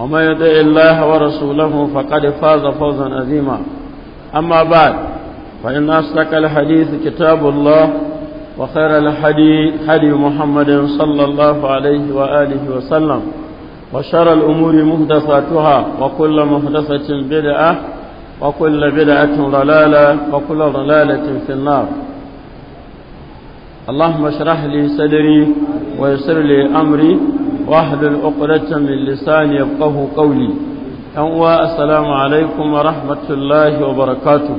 وما يطع الله ورسوله فقد فاز فوزا عظيما أما بعد فإن أصدق الحديث كتاب الله وخير الحديث حدي محمد صلى الله عليه وآله وسلم وشر الأمور مهدفاتها وكل مهدفة بدعة وكل بدعة ضلالة وكل ضلالة في النار اللهم اشرح لي صدري ويسر لي أمري واحلل عقدة من لساني يفقه قولي أنوا السلام عليكم ورحمة الله وبركاته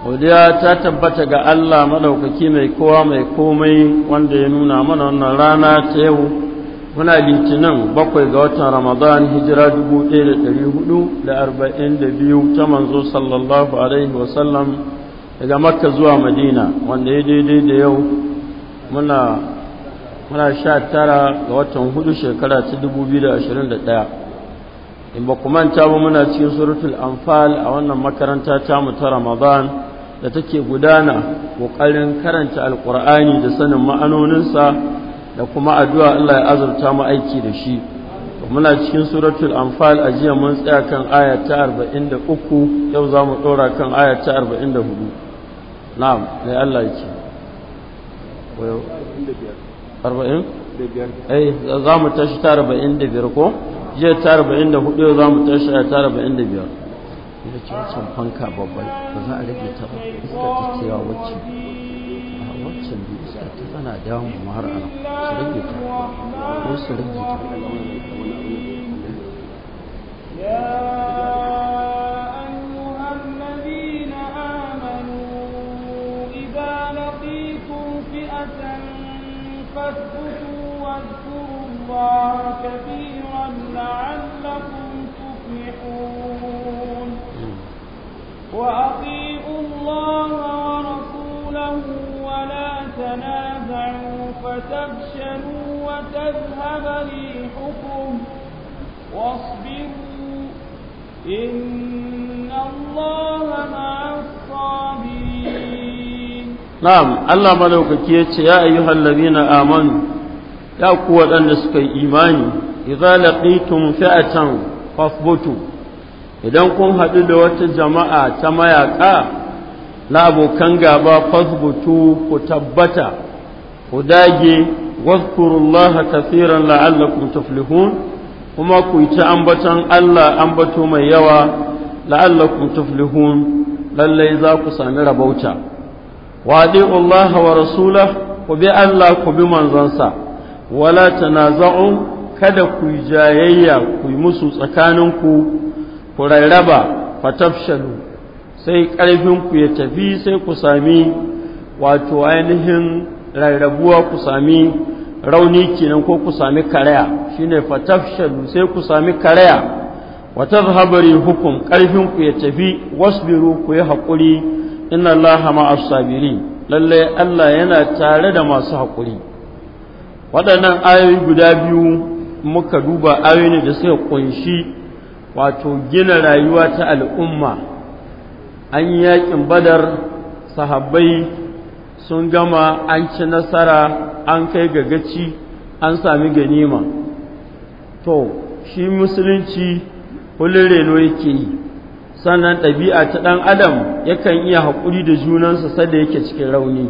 godiya ta tabbata ga Allah madaukaki mai kowa mai komai wanda ya nuna mana wannan rana ta yau muna litinin bakwai ga watan ramadan hijira biyu ta manzo sallallahu alaihi wasallam daga makka zuwa madina wanda ya daidai da yau muna muna sha tara ga watan hudu shekara ta dubu biyu da ashirin da ɗaya in ba manta ba muna cikin suratul anfal a wannan makaranta ta mu ta ramadan da take gudana ƙoƙarin karanta alƙur'ani da sanin ma'anoninsa da kuma addu'a Allah ya azurta mu aiki da shi muna cikin suratul anfal a jiya mun tsaya kan aya ta 43 yau zamu ɗora kan aya ta 44 na'am sai Allah ya ce arba'in za mu tashi ta arba'in da biyar ko jiya ta arba'in da hudu za mu tashi ta arba'in da biyar ce fanka babban ba za a rage ta iska ta cewa wacce a waccan iska ta tana damu mu har ana su rage ta ko su rage ta فاسكتوا واذكروا الله كثيرا لعلكم تفلحون وأطيعوا الله ورسوله ولا تنازعوا فتفشلوا وتذهب ريحكم واصبروا إن الله مع الصابرين na'am Allah malaukaki ya ce ya ayyuhal ladina amanu ya ku waɗanda suka yi imani idza laqitum fa'atan fasbutu idan kun haɗu da wata jama'a ta mayaka na abokan gaba fasbutu ku tabbata ku dage wazkurullaha kaseeran la'allakum tuflihun kuma ku yi ta ambaton Allah ambato mai yawa la'allakum tuflihun lallai za ku sami rabauta وأطيعوا الله ورسوله ku bi كبما زنسا ولا تنازعوا kada ku jayayya ku yi musu tsakaninku ku rarraba fatafshalu sai ƙarfinku ya tafi sai ku sami wato ainihin rarrabuwa ku sami rauni kenan ko ku sami karaya shine fatafshalu sai ku sami karaya wa tadhhabu hukum ƙarfinku ya tafi wasbiru ku yi haƙuri inna allaha ma'as sabirin lalle Allah yana tare da masu haƙuri waɗannan ayoyi guda biyu muka duba ayoyi da suka kunshi wato gina rayuwa ta al'umma an yi yaƙin badar sahabbai sun gama an ci nasara an kai gagaci an sami ganima to shi musulunci kullum reno yake yi sannan ɗabi'a ta ɗan adam yakan iya haƙuri da junansa sada yake cikin rauni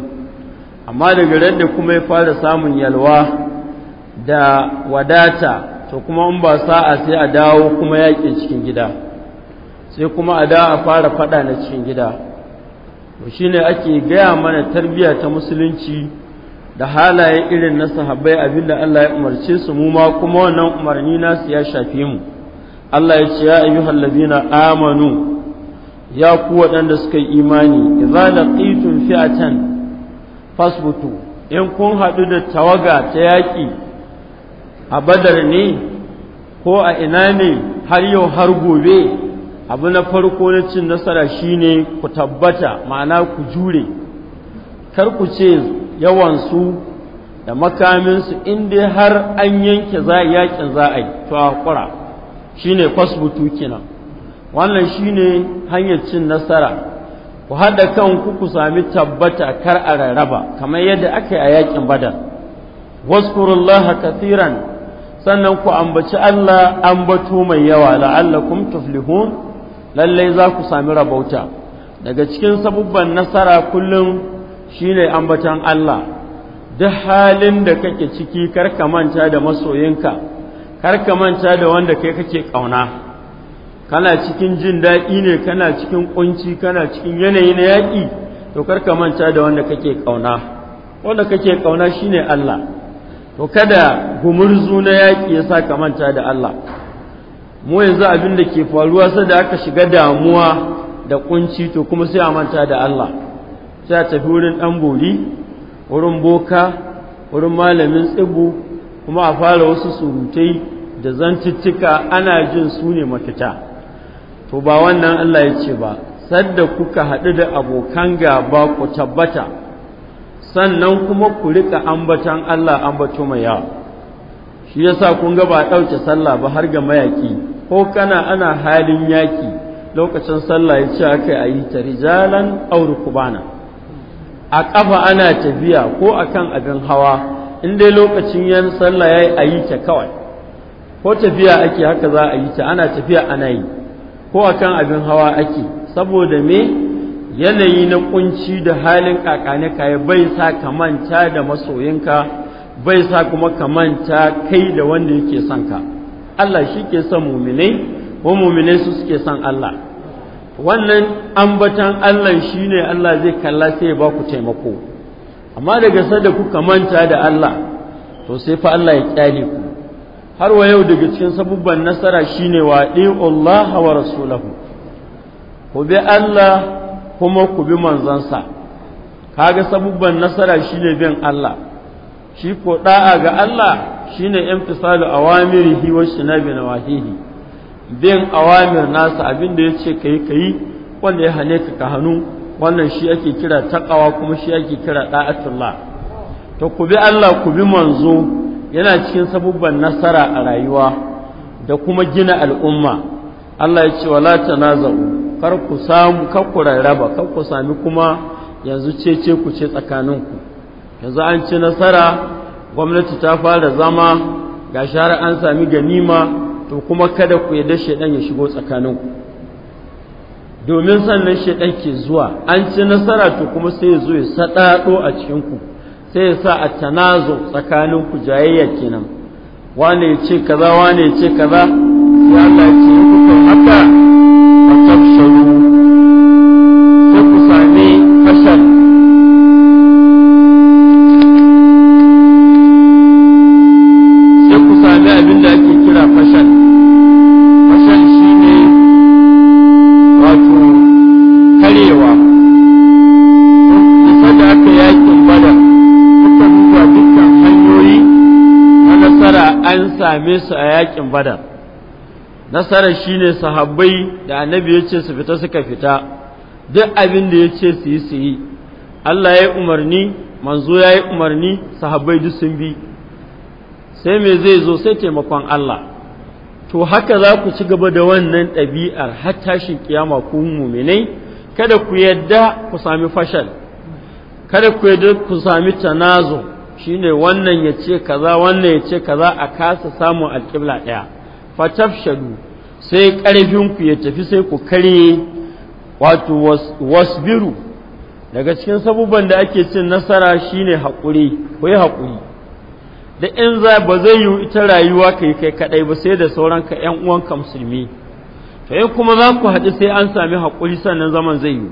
amma daga ran da kuma ya fara samun yalwa da wadata to kuma in ba sa'a sai a dawo kuma yaƙi cikin gida sai kuma a dawo a fara faɗa na cikin gida to ne ake gaya mana tarbiyya ta musulunci da halaye irin na sahabbai abinda Allah ya umarce su mu ma kuma wannan umarni nasu ya shafe mu Allah ya ce ya ayyuhal ladina amanu ya ku waɗanda suka yi imani idza laqitum fi'atan fasbutu in kun haɗu da tawaga ta yaƙi a badar ne ko a ina ne har yau har gobe abu na farko na cin nasara shine ku tabbata ma'ana ku jure kar ku ce yawan su da makaminsu in dai har an yanke za yaƙin za a yi to a shine fasbutu kenan wannan shine hanyar cin nasara ku haɗa kanku ku sami tabbata kar a rarraba kamar yadda aka yi a yakin badar waskurullaha kathiran sannan ku ambaci Allah ambato mai yawa la'allakum tuflihun lallai za ku sami rabauta daga cikin sabubban nasara kullum shine ambatan Allah duk halin da kake ciki kar ka manta da masoyinka kar ka manta da wanda kai kake ƙauna kana cikin jin daɗi ne kana cikin ƙunci kana cikin yanayi na yaƙi to kar ka manta da wanda kake ƙauna wanda kake ƙauna shine Allah to kada gumurzu na yaƙi ya sa ka manta da Allah mu yanzu abin da ke faruwa sai da aka shiga damuwa da ƙunci to kuma sai a manta da Allah sai a tafi wurin ɗan gori wurin boka wurin malamin tsibu kuma a fara wasu surutai da zantuttuka ana jin su ne mafita to ba wannan Allah ya ce ba sadda kuka haɗu da abokan gaba ku tabbata sannan kuma ku riƙa ambatan Allah ambato mai yawa shi yasa kun ga ba ɗauke sallah ba har ga mayaki ko kana ana halin yaki lokacin sallah ya ce aka a yi ta rijalan bana." a ƙafa ana tafiya ko akan abin hawa in dai lokacin yan sallah yayi a yi ta kawai ko tafiya ake haka za a yi ta ana tafiya ana yi ko akan abin hawa ake saboda me yanayi na kunci da halin kakane yi bai sa ka da masoyinka bai sa kuma kamanta kai da wanda yake son ka Allah shi ke son muminai ko muminai su suke son Allah wannan ambatan Allah shine Allah zai kalla sai ya ba ku taimako amma daga sada kuka manta da Allah to sai fa Allah ya kyale ku har wa yau daga cikin sabubban nasara shine wa Allah wa rasulahu ku bi Allah kuma ku bi manzansa kaga sabubban nasara shine bin Allah shi ko da'a ga Allah shine imtisalu awamirihi wa shinabi nawahihi bin awamir nasa abinda yace kai kai wanda ya hane ka ka hannu wannan shi ake kira taqawa kuma shi ake kira da'atullah to ku bi Allah ku bi manzo yana cikin sabubban nasara a rayuwa da kuma gina al'umma Allah ya ce wala tanaza'u kar ku samu kar ku rarraba kar ku sami kuma yanzu cece ku ce tsakaninku yanzu an ci nasara gwamnati ta fara zama ga shara an sami ganima to kuma kada ku yadda shedan ya shigo tsakaninku domin sannan shaidan ke zuwa an ci nasara to kuma sai ya zo ya saɗaɗo a cikinku sai ya sa a tanazo tsakanin ku jayayya kenan wane ya ce kaza wane ya ce kaza ya ta ce kuka haka je yakin badar suka hanyoyi na nasara an same su a yakin badar nasarar shine sahabbai da annabi ya ce su fita suka fita duk abin da ya ce su yi su yi Allah ya yi umarni manzo ya yi umarni sahabbai duk sun bi sai me zai zo sai taimakon Allah to haka za ku ci gaba da wannan ɗabi'ar har tashin kiyama ku muminai kada ku yadda ku sami fashal kada ku duk ku sami shi ne wannan ya ce kaza wannan ya ce kaza a kasa samun alƙibla ɗaya fatafshadu sai ƙarfin ku ya tafi sai ku karye wato wasbiru daga cikin sabubban da ake cin nasara shi ne haƙuri ku yi haƙuri da in za ba zai yi ita rayuwa ka yi kai kaɗai ba sai da sauran ka ƴan uwanka musulmi to in kuma za ku haɗu sai an sami haƙuri sannan zaman zai yi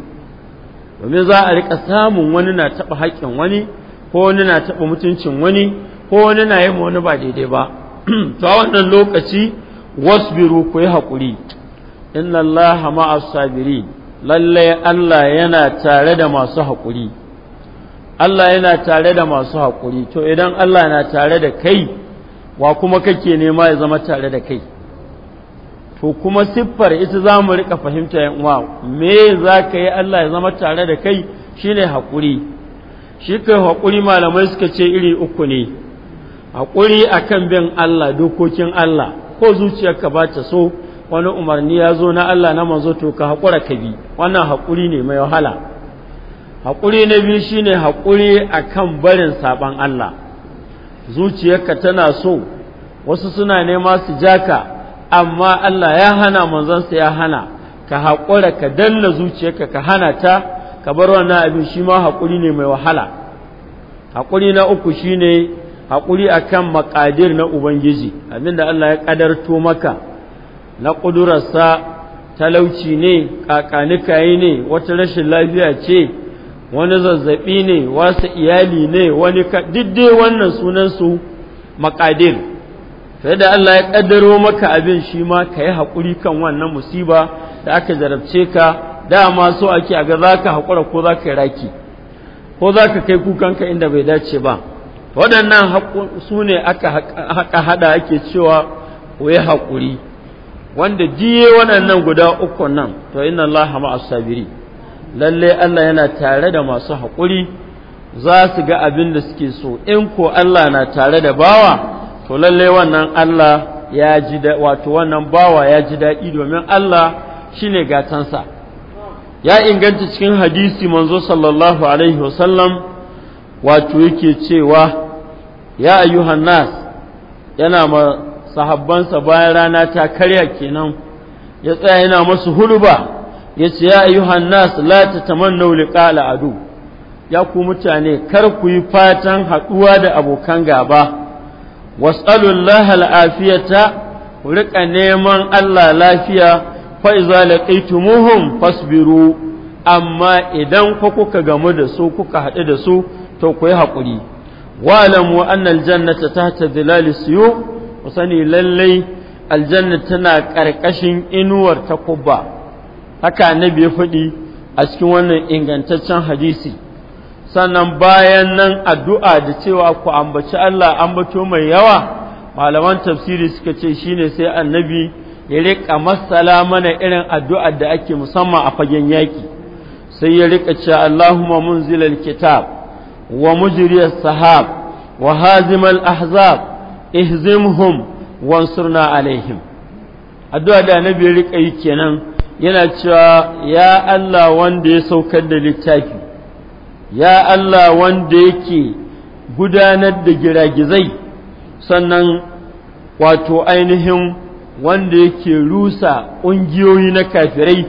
domin za a rika samun wani na taɓa haƙƙin wani ko wani na taɓa mutuncin wani ko wani na yi wani ba daidai ba to a wannan lokaci wasbiru ku yi haƙuri inna allaha ma'as sabiri lalle Allah yana tare da masu haƙuri Allah yana tare da masu haƙuri to idan Allah na tare da kai wa kuma kake nema ya zama tare da kai to kuma siffar ita za mu riƙa fahimta yan uwa me za ka yi Allah ya zama tare da kai shine haƙuri shi kai haƙuri malamai suka ce iri uku ne haƙuri akan bin Allah dokokin Allah ko zuciyarka ba ta so wani umarni ya zo na Allah na manzo to ka haƙura ka bi wannan haƙuri ne mai wahala haƙuri na biyu shine haƙuri akan barin saɓan Allah zuciyarka tana so wasu suna nema su jaka amma Allah ya hana manzansa ya hana ka haƙura ka danna zuciyarka ka hana ta ka bar wannan abin shi ma haƙuri ne mai wahala haƙuri na uku shine haƙuri akan makadir na ubangiji abinda Allah ya ƙadarto maka na ƙudurarsa talauci ne ƙaƙanikayi ne wata rashin lafiya ce wani zazzaɓi ne wasu iyali ne wani duk dai wannan sunansu makadir to da Allah ya kaddaro maka abin shi ma ka yi haƙuri kan wannan musiba da aka jarabce ka dama so ake a ga za ka haƙura ko za ka yi raki ko za ka kai kukanka inda bai dace ba waɗannan su ne aka haɗa ake cewa ku yi haƙuri wanda diye waɗannan guda uku nan to inna Allah ma asabiri lalle Allah yana tare da masu haƙuri za su ga abin da suke so in ko Allah na tare da bawa to lalle wannan Allah ya ji da wato wannan bawa ya ji daɗi domin Allah shine gatansa ya inganta cikin hadisi manzo sallallahu alaihi wasallam wato yake cewa ya ayyuhan nas yana ma sahabbansa bayan rana ta karya kenan ya tsaya yana masu huluba ya ce ya ayyuhan nas la tatamannu liqa al adu ya ku mutane kar ku yi fatan haɗuwa da abokan gaba was'alullaha al'afiyata ku rika neman Allah lafiya fa iza muhun fasbiru amma idan ku kuka gamu da su kuka haɗu da su to ku yi haƙuri wa'lamu anna aljannata tahta dhilali siyo, ku sani lallai aljanna tana ƙarƙashin inuwar takubba haka annabi ya faɗi a cikin wannan ingantaccen hadisi sannan bayan nan addu'a da cewa ku ambaci Allah ambato mai yawa malaman tafsiri suka ce shine sai annabi ya riƙa masala mana irin addu'a da ake musamman a fagen yaƙi sai ya riƙa ce Allahumma munzilal kitab wa mujriyas sahab wa hazimal ahzab ihzimhum wansurna alaihim addu'a da annabi ya riƙa yi kenan yana cewa ya Allah wanda ya saukar da littafi ya Allah wanda yake gudanar da giragizai sannan wato ainihin wanda yake rusa ƙungiyoyi na kafirai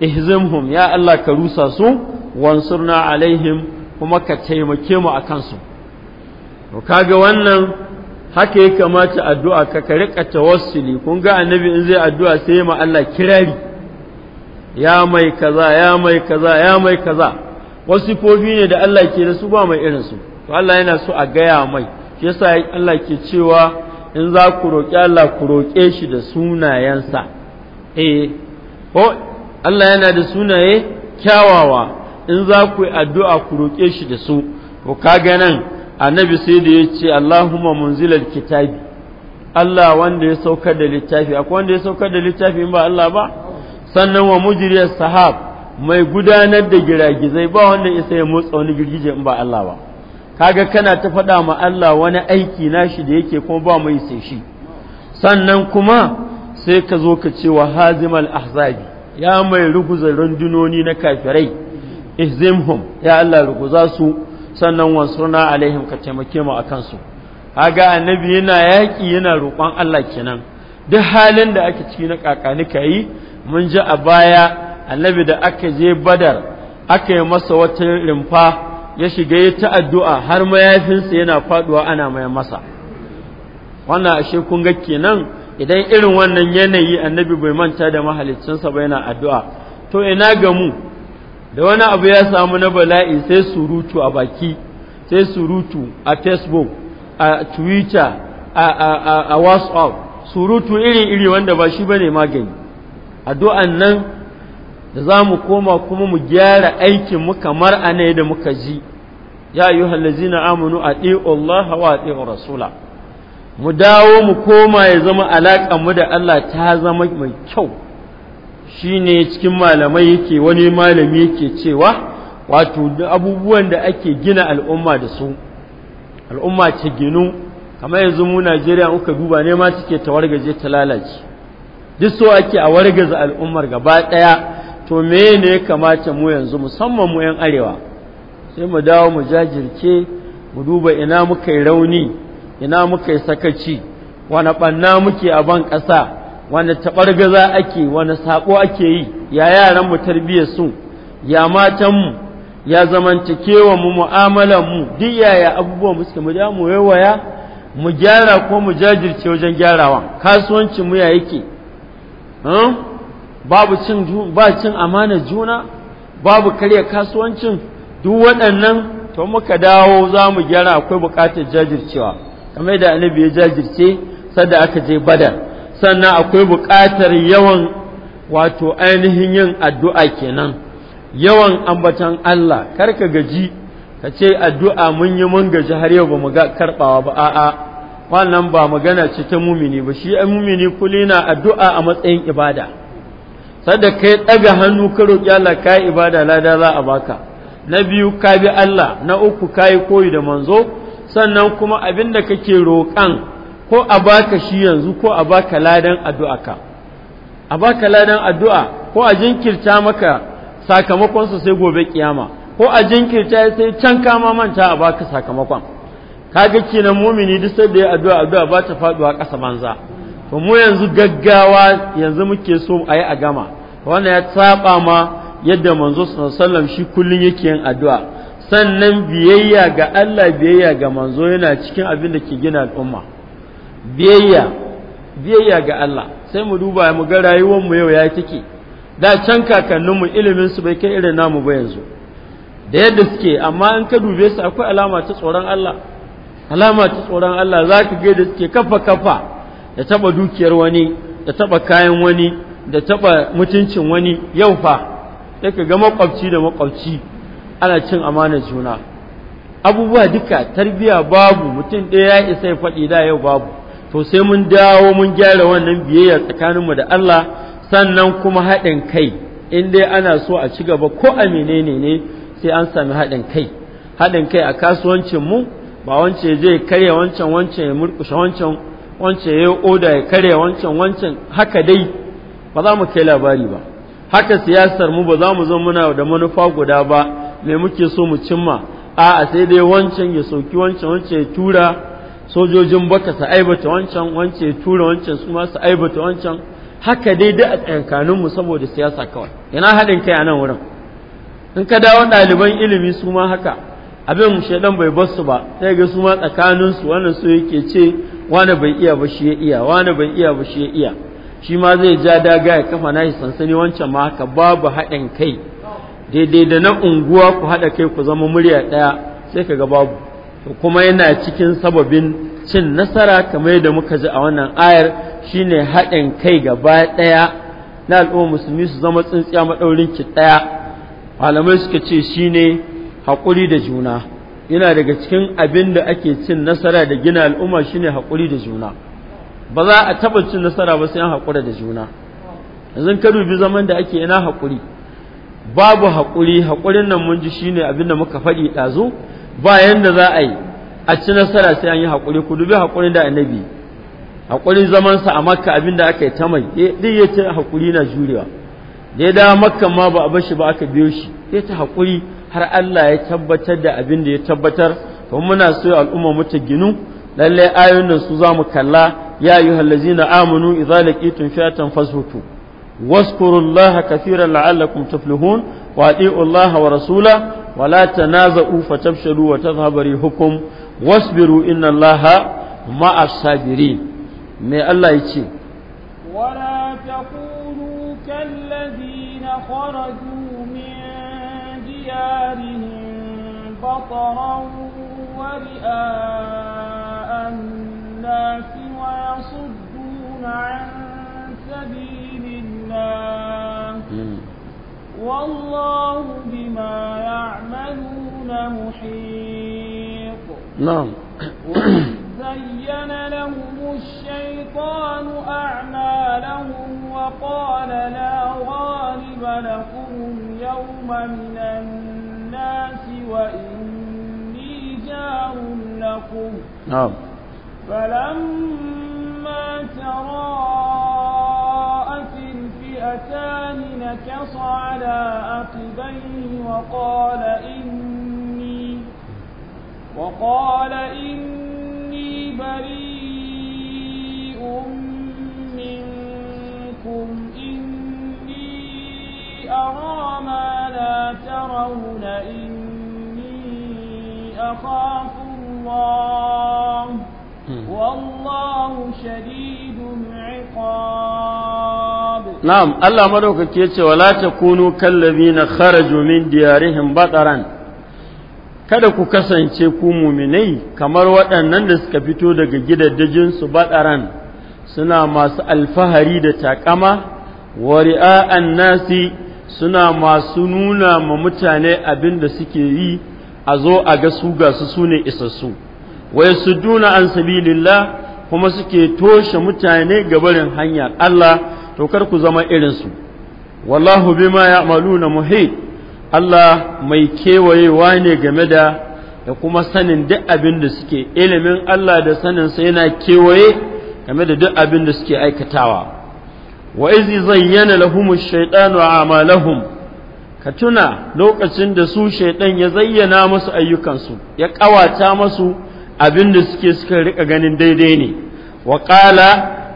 ihzimhum ya Allah ka rusa su wansurna alaihim kuma ka taimake mu a kansu to kaga wannan haka ya kamata addu'a ka ka rika tawassuli kun ga annabi in zai addu'a sai ma Allah kirari ya mai kaza ya mai kaza ya mai kaza wasu ne da Allah ke da su ba mai irin su to Allah yana so a gaya mai shi yasa Allah ke cewa in za ku roƙi Allah ku roƙe shi da sunayensa eh ko Allah yana da sunaye kyawawa in za ku yi addu'a ku roƙe shi da su to kaga nan annabi sai da ya ce Allahumma munzilal kitabi Allah wanda ya saukar da littafi akwai wanda ya saukar da littafi in ba Allah ba sannan wa mujiriyar sahab mai gudanar da giragizai ba wanda isa ya motsa wani girgije in ba Allah ba kaga kana ta faɗa ma Allah wani aiki nashi da yake kuma ba mai sai shi sannan kuma sai ka zo ka cewa hazimal ahzabi ya mai ruguza rundunoni na kafirai ihzimhum ya Allah ruguza su sannan wansurna alaihim ka taimake mu akan su kaga annabi yana yaki yana roƙon Allah kenan duk halin da ake ciki na kakanika yi mun ji a baya annabi da aka je badar aka yi masa wata rumfa ya shiga ya ta addu'a har mayafinsa yana faduwa ana mai masa wannan ashe kun ga kenan idan irin wannan yanayi annabi bai manta da mahalicinsa ba yana addu'a to ina ga mu da wani abu ya samu na bala'i sai surutu a baki sai surutu a facebook a twitter a whatsapp surutu iri-iri wanda ba shi bane magani addu'an nan da za mu koma kuma mu gyara aikin mu kamar a da muka ji ya yi na amanu a Allah wa a rasula mu dawo mu koma ya zama alaƙa mu da Allah ta zama mai kyau shi ne cikin malamai yake wani malami yake cewa wato abubuwan da ake gina al'umma da su al'umma ta ginu kamar yanzu mu Najeriya uka duba ne ma suke ta wargaje ta lalace duk so ake a wargaza al'ummar gaba ɗaya to me ne ya kamata mu yanzu musamman mu 'yan arewa sai mu dawo mu jajirce mu duba ina muka yi rauni ina muka yi sakaci wani ɓanna muke a ban ƙasa wani taɓargaza ake wani saƙo ake yi ya yaran mu tarbiyyar su ya matanmu ya zamantakewa mu mu'amalan mu duk yaya abubuwan mu suke mu da mu waya mu gyara ko mu jajirce wajen gyarawa kasuwancin mu ya yake hmm? babu cin ba cin amana juna babu karya kasuwancin duk waɗannan to muka dawo za mu gyara akwai buƙatar jajircewa kamar da annabi ya jajirce sadda aka je badar sannan akwai buƙatar yawan wato ainihin yin addu'a kenan yawan ambatan Allah kar ka gaji ka ce addu'a mun yi mun gaji har yau ba mu ga karɓawa ba a'a wannan ba magana ce ta mumini ba shi ai mumini kulina addu'a a matsayin ibada sadda kai ɗaga hannu ka roƙi Allah ka yi ibada lada za a baka na biyu ka bi Allah na uku ka yi koyi da manzo sannan kuma abin da kake roƙan ko a baka shi yanzu ko a baka ladan addu'a ka a baka ladan addu'a ko a jinkirta maka sakamakonsa sai gobe kiyama ko a jinkirta sai can kama manta a baka sakamakon kaga kenan mumini duk sai da ya addu'a addu'a ba ta faduwa ƙasa banza to mu yanzu gaggawa yanzu muke so a yi a gama wannan ya saba ma yadda manzo sallam shi kullun yake yin addu'a sannan biyayya ga Allah biyayya ga manzo yana cikin abin da ke gina al'umma biyayya biyayya ga Allah sai mu duba mu ga rayuwar mu yau ya take da can kakanninmu ilimin su bai kai irin namu ba yanzu da yadda suke amma in ka dube su akwai alama ta tsoron Allah alama ta tsoron Allah za ga da suke kafa kafa da taba dukiyar wani da taba kayan wani da taɓa mutuncin wani yau fa sai ka ga makwabci da makwabci ana cin amanar juna abubuwa duka tarbiya babu mutum ɗaya ya isa ya faɗi da yau babu to sai mun dawo mun gyara wannan biyayya tsakaninmu da Allah sannan kuma haɗin kai in dai ana so a ci gaba ko a menene ne sai an sami haɗin kai haɗin kai a kasuwancin mu ba wance zai karya wancan wancan ya murkushe wancan wancan ya oda ya karya wancan wancan haka dai ba za mu kai labari ba haka siyasar mu ba za mu zo muna da manufa guda ba me muke so mu cimma a'a sai dai wancan ya soki wancan wancan ya tura sojojin baka su aibata wancan wancan ya tura wancan su ma su aibata wancan haka dai da a tsakankanin mu saboda siyasa kawai yana haɗin kai a nan wurin in ka dawo ɗaliban ilimi su ma haka abin shaidan bai bar su ba sai ga su ma tsakanin su wannan so yake ce wani bai iya ba shi ya iya wani bai iya ba shi ya iya shi ma zai ja daga ya kafa nashi sansani wancan ma haka babu haɗin kai daidai da na unguwa ku haɗa kai ku zama murya ɗaya sai ka ga babu to kuma yana cikin sababin cin nasara kamar yadda muka ji a wannan ayar shine haɗin kai gaba ɗaya na al'umma musulmi su zama tsintsiya maɗaurin ki ɗaya malamai suka ce shine haƙuri da juna yana daga cikin abin da ake cin nasara da gina al'umma shine haƙuri da juna ba za a taba cin nasara ba sai an haƙura da juna yanzu ka dubi zaman da ake ina haƙuri babu haƙuri haƙurin nan mun ji shine abin muka faɗi ɗazu ba yanda za a yi a ci nasara sai an yi haƙuri ku dubi haƙurin da annabi haƙurin zamansa a makka abin aka yi ta mai duk ya ce haƙuri na jurewa da ya dawo makka ma ba a bashi ba aka biyo shi ya ta haƙuri har Allah ya tabbatar da abin da ya tabbatar kuma muna so al'umma mu ta ginu lallai ayoyin nan su za mu kalla يا أيها الذين آمنوا إذا لقيتم فئة فاثبتوا واذكروا الله كثيرا لعلكم تفلحون وأطيعوا الله ورسوله ولا تنازعوا فتفشلوا وتذهب ريحكم واصبروا إن الله مع الصابرين ما الله يتي ولا تكونوا كالذين خرجوا من ديارهم بطرا ورئاء الناس ويصدون عن سبيل الله والله بما يعملون محيط نعم زين لهم الشيطان أعمالهم وقال لا غالب لكم يوم من الناس وإني جار لكم نعم فلما تراءت الفئتان نكص على عقبيه وقال إني وقال إني بريء منكم إني أرى ما لا ترون إني أخاف الله والله شديد العقاب نعم الله مدوكك يتي ولا تكونوا كالذين خرجوا من ديارهم بطرا kada ku kasance ku muminai kamar waɗannan da suka fito daga gidaddajinsu baɗaran suna masu alfahari da takama, taƙama wari'a'an nasi suna masu nuna ma mutane abin da suke yi a zo a ga su ga su sune isassu su duna an sabilillah kuma suke toshe mutane gabarin hanya Allah to kar ku zama irin su wallahu bima ya'maluna muhit Allah mai kewayewa ne game da da kuma sanin duk abin da suke ilimin Allah da sanin sa yana kewaye game da duk abin da suke aikatawa wa izi zayyana lahumush shaytanu a'malahum ka tuna lokacin da su shaiɗan ya zayyana masu ayyukansu ya ƙawata musu. abin da suke suka rika ganin daidai ne wa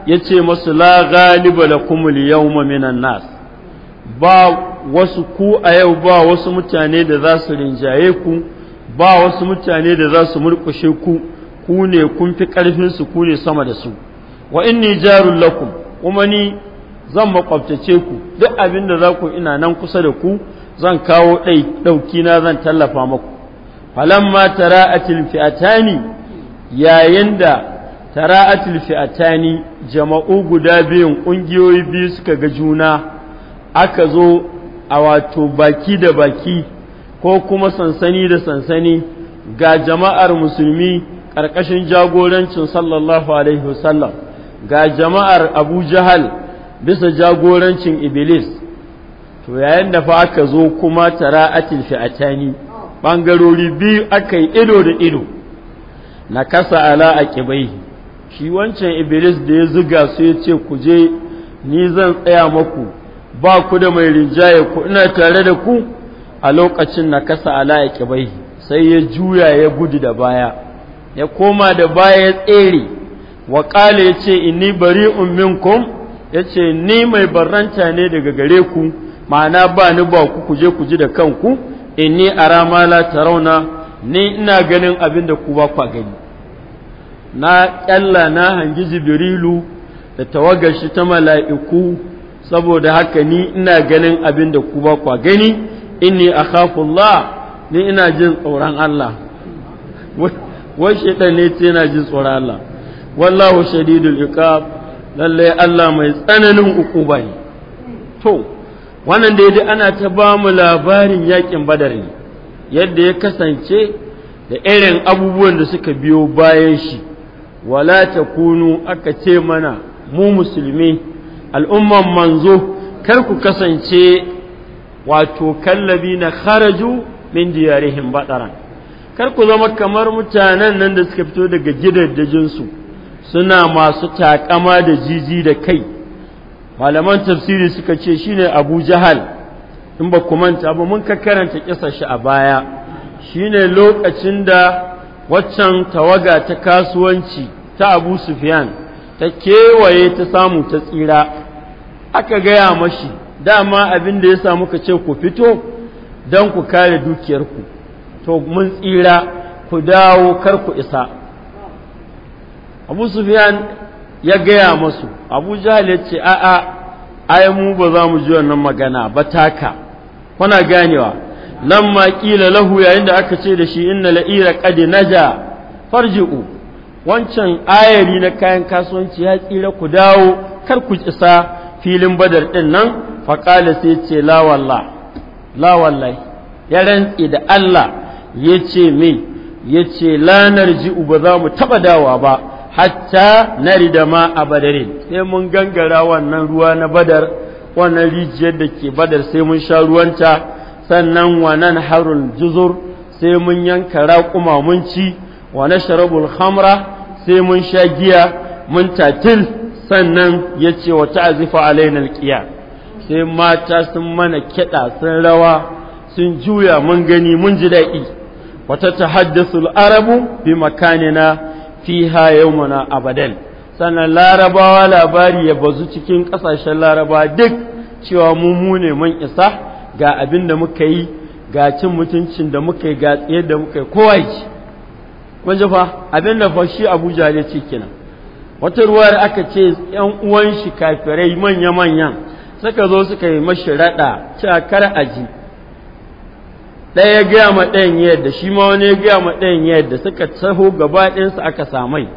ya ce masu la ghaliba kumul yau yawma minan nas ba wasu ku a yau ba wasu mutane da za su rinjaye ku ba wasu mutane da za su murkushe ku ku ne kun fi ƙarfinsu, ku ne sama da su wa inni jarun lakum kuma ni zan makwabtace ku duk abin da za ku ina nan kusa da ku zan kawo ɗai ɗauki na zan tallafa maku falamma tara'atil fi'atani yayin da tara'atil fi'atani jama'u guda biyun ƙungiyoyi biyu suka ga juna aka zo a wato baki da baki ko kuma sansani da sansani ga jama'ar musulmi ƙarƙashin jagorancin sallallahu alaihi wasallam ga jama'ar abu jahal bisa jagorancin iblis to yayin da fa aka zo kuma tara'atil fi'atani Bangarori biyu aka yi ido da ido na kasa ala a ƙibai shi wancan iblis da ya zuga su ya ce ku je ni zan tsaya maku ba ku da mai rinjaye ku ina tare da ku a lokacin na kasa ala a ƙibai sai ya juya ya gudu da baya ya koma da baya ya tsere wa ƙala ya ce inni bari minkum ya ce ni mai barranta ne daga gare ku ma'ana ba ni ba ku kuje ku da kanku inni ara ma la tarawna ni ina ganin abin da ku ba ku gani na kyalla na hangi jibrilu da tawagar shi ta mala'iku saboda haka ni ina ganin abin da ku ba ku gani inni akhafullah ni ina jin tsoron Allah wai shaitan ne ce ina jin tsoron Allah wallahu shadidul iqab lalle Allah mai tsananin ukuba ne to wannan da ana ta ba mu labarin yakin badar ne yadda ya kasance da irin abubuwan da suka biyo bayan shi wala ta kunu aka ce mana mu musulmi al'umman manzo kar ku kasance wato kallabi na kharaju min diyarihim badaran kar ku zama kamar mutanen nan da suka fito daga gidajensu suna masu takama da jiji da kai malaman tafsiri suka ce shine abu jahal in ba ku manta ba mun ka karanta shi a baya shine lokacin da waccan tawaga ta kasuwanci ta abu sufiyan ta kewaye ta samu ta tsira aka gaya mashi dama abin da ya samu ka ce ku fito don ku kare dukiyarku to mun tsira ku dawo kar ku isa abu sufyan ya gaya masu abu jahal ya ce a'a ai mu ba za mu ji wannan magana ba taka kuna ganewa lamma kila lahu yayin da aka ce da shi inna la'ira qad naja farji'u wancan ayari na kayan kasuwanci ya tsira ku dawo kar ku isa filin badar din nan qala sai ce la wallah la wallahi ya rantsi da Allah yace me yace lanar narji'u ba za mu taba dawa ba hatta narida ma a badarin sai mun gangara wannan ruwa na badar wannan rijiyar da ke badar sai mun sha ruwanta sannan wannan harul juzur sai mun yanka raƙuma mun ci wa sharabul khamra sai mun sha giya mun tatil sannan ya ce wa ta'azifa alainal alqiya sai mata sun mana kiɗa sun rawa sun juya mun gani mun ji daɗi wata tahaddasul arabu bi makanina fiha yawmana abadan sannan larabawa labari ya bazu cikin kasashen laraba duk cewa mu ne mun isa ga abin da muka yi ga cin mutuncin da muka yi ga tsayar da muka yi kowa yi kun ji fa abin da fa shi Abuja ne ce kenan wata da aka ce yan uwan shi kafirai manya manyan suka zo suka yi mashi rada cewa kar aji ɗaya ya gaya ma ɗayan yadda shi ma wani ya gaya ma ɗayan yadda suka taho gaba ɗinsu aka samai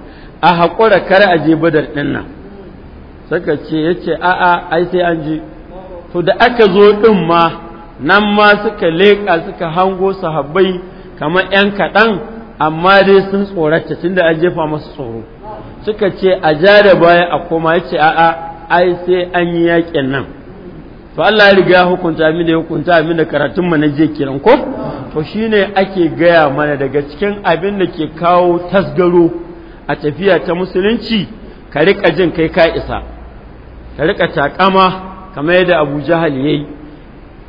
a haƙura kar a je badar ɗin nan suka ce ya ce a'a ai sai an ji to da aka zo ɗin ma nan ma suka leƙa suka hango sahabbai kamar ‘yan kaɗan amma dai sun tsorata tunda a jefa masu tsoro suka ce a ja da baya a koma ya ce a'a ai sai an yi yaƙin nan to Allah ya riga hukunta min da hukunta min da karatun mu na je kiran ko to shine ake gaya mana daga cikin abin da ke kawo tasgaro a tafiya ta musulunci ka rika jin kai ka isa ka rika takama kamar yadda Abu Jahal yayi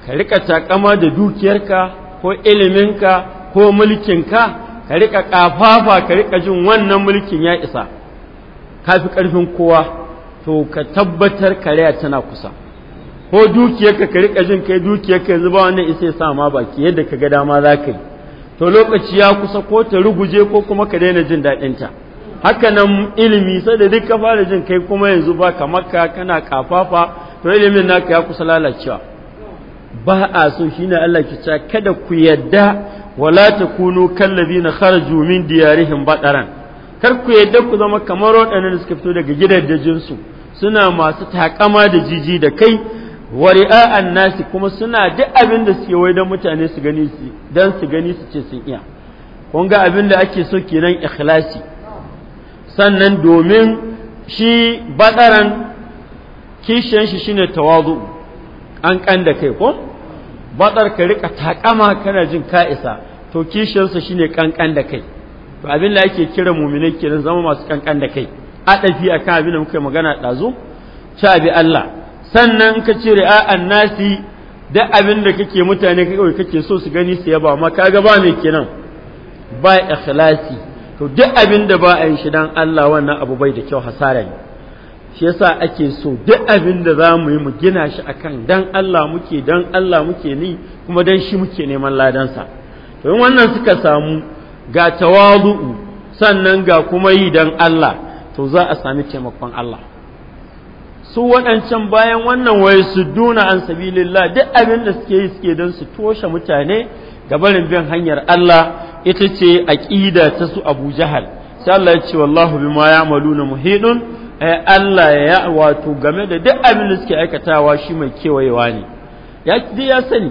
ka rika takama da dukiyarka ko iliminka ko mulkin ka ka rika kafafa ka rika jin wannan mulkin ya isa kafi karfin kowa to ka tabbatar kariya tana kusa ko dukiyarka ka rika jin kai dukiyarka yanzu ba wannan isa sa ma baki yadda ka ga dama za ka yi to lokaci ya kusa ko ta ruguje ko kuma ka daina jin daɗin ta haka nan ilimi sai da duk ka fara jin kai kuma yanzu ba ka maka kana kafafa to ilimin naka ya kusa lalacewa ba a so shine Allah ki ce kada ku yadda wala takunu kallazina kharaju min diyarihim badaran kar ku yadda ku zama kamar waɗannan da suka fito daga gidajen su suna masu takama da jiji da kai wa ri'a'an nasi kuma suna duk abin da suke wai don mutane su gani su dan su gani su ce sun iya kun ga abin da ake so kenan ikhlasi sannan domin shi batsaran kishiyar shi shine tawazu an kan da kai ko batsar ka rika takama kana jin ka isa to kishiyansa shine kankan da kai to abin da ake kira muminai kenan zama masu kankan da kai a ɗafi akan abin da muka magana ɗazu ci bi Allah sannan ka cire a'an nasi da abin da kake mutane kawai kake so su gani su yaba ma kaga ba mai kenan ba ikhlasi to duk abin da ba a yi shi dan Allah wannan abu bai da kyau hasara ne shi yasa ake so duk abin da za mu yi mu gina shi akan dan Allah muke dan Allah muke ni kuma dan shi muke neman ladansa to in wannan suka samu ga tawadu sannan ga kuma yi dan Allah to za a sami taimakon Allah su waɗancan bayan wannan wai su duna an sabilillah duk abin da suke yi suke don su toshe mutane ga barin bin hanyar Allah ita ce aƙida ta su Abu Jahal sai Allah ya ce wallahu bima ya'maluna muhidun ai Allah ya wato game da duk abin da suke aikatawa shi mai kewayewa ne ya ya sani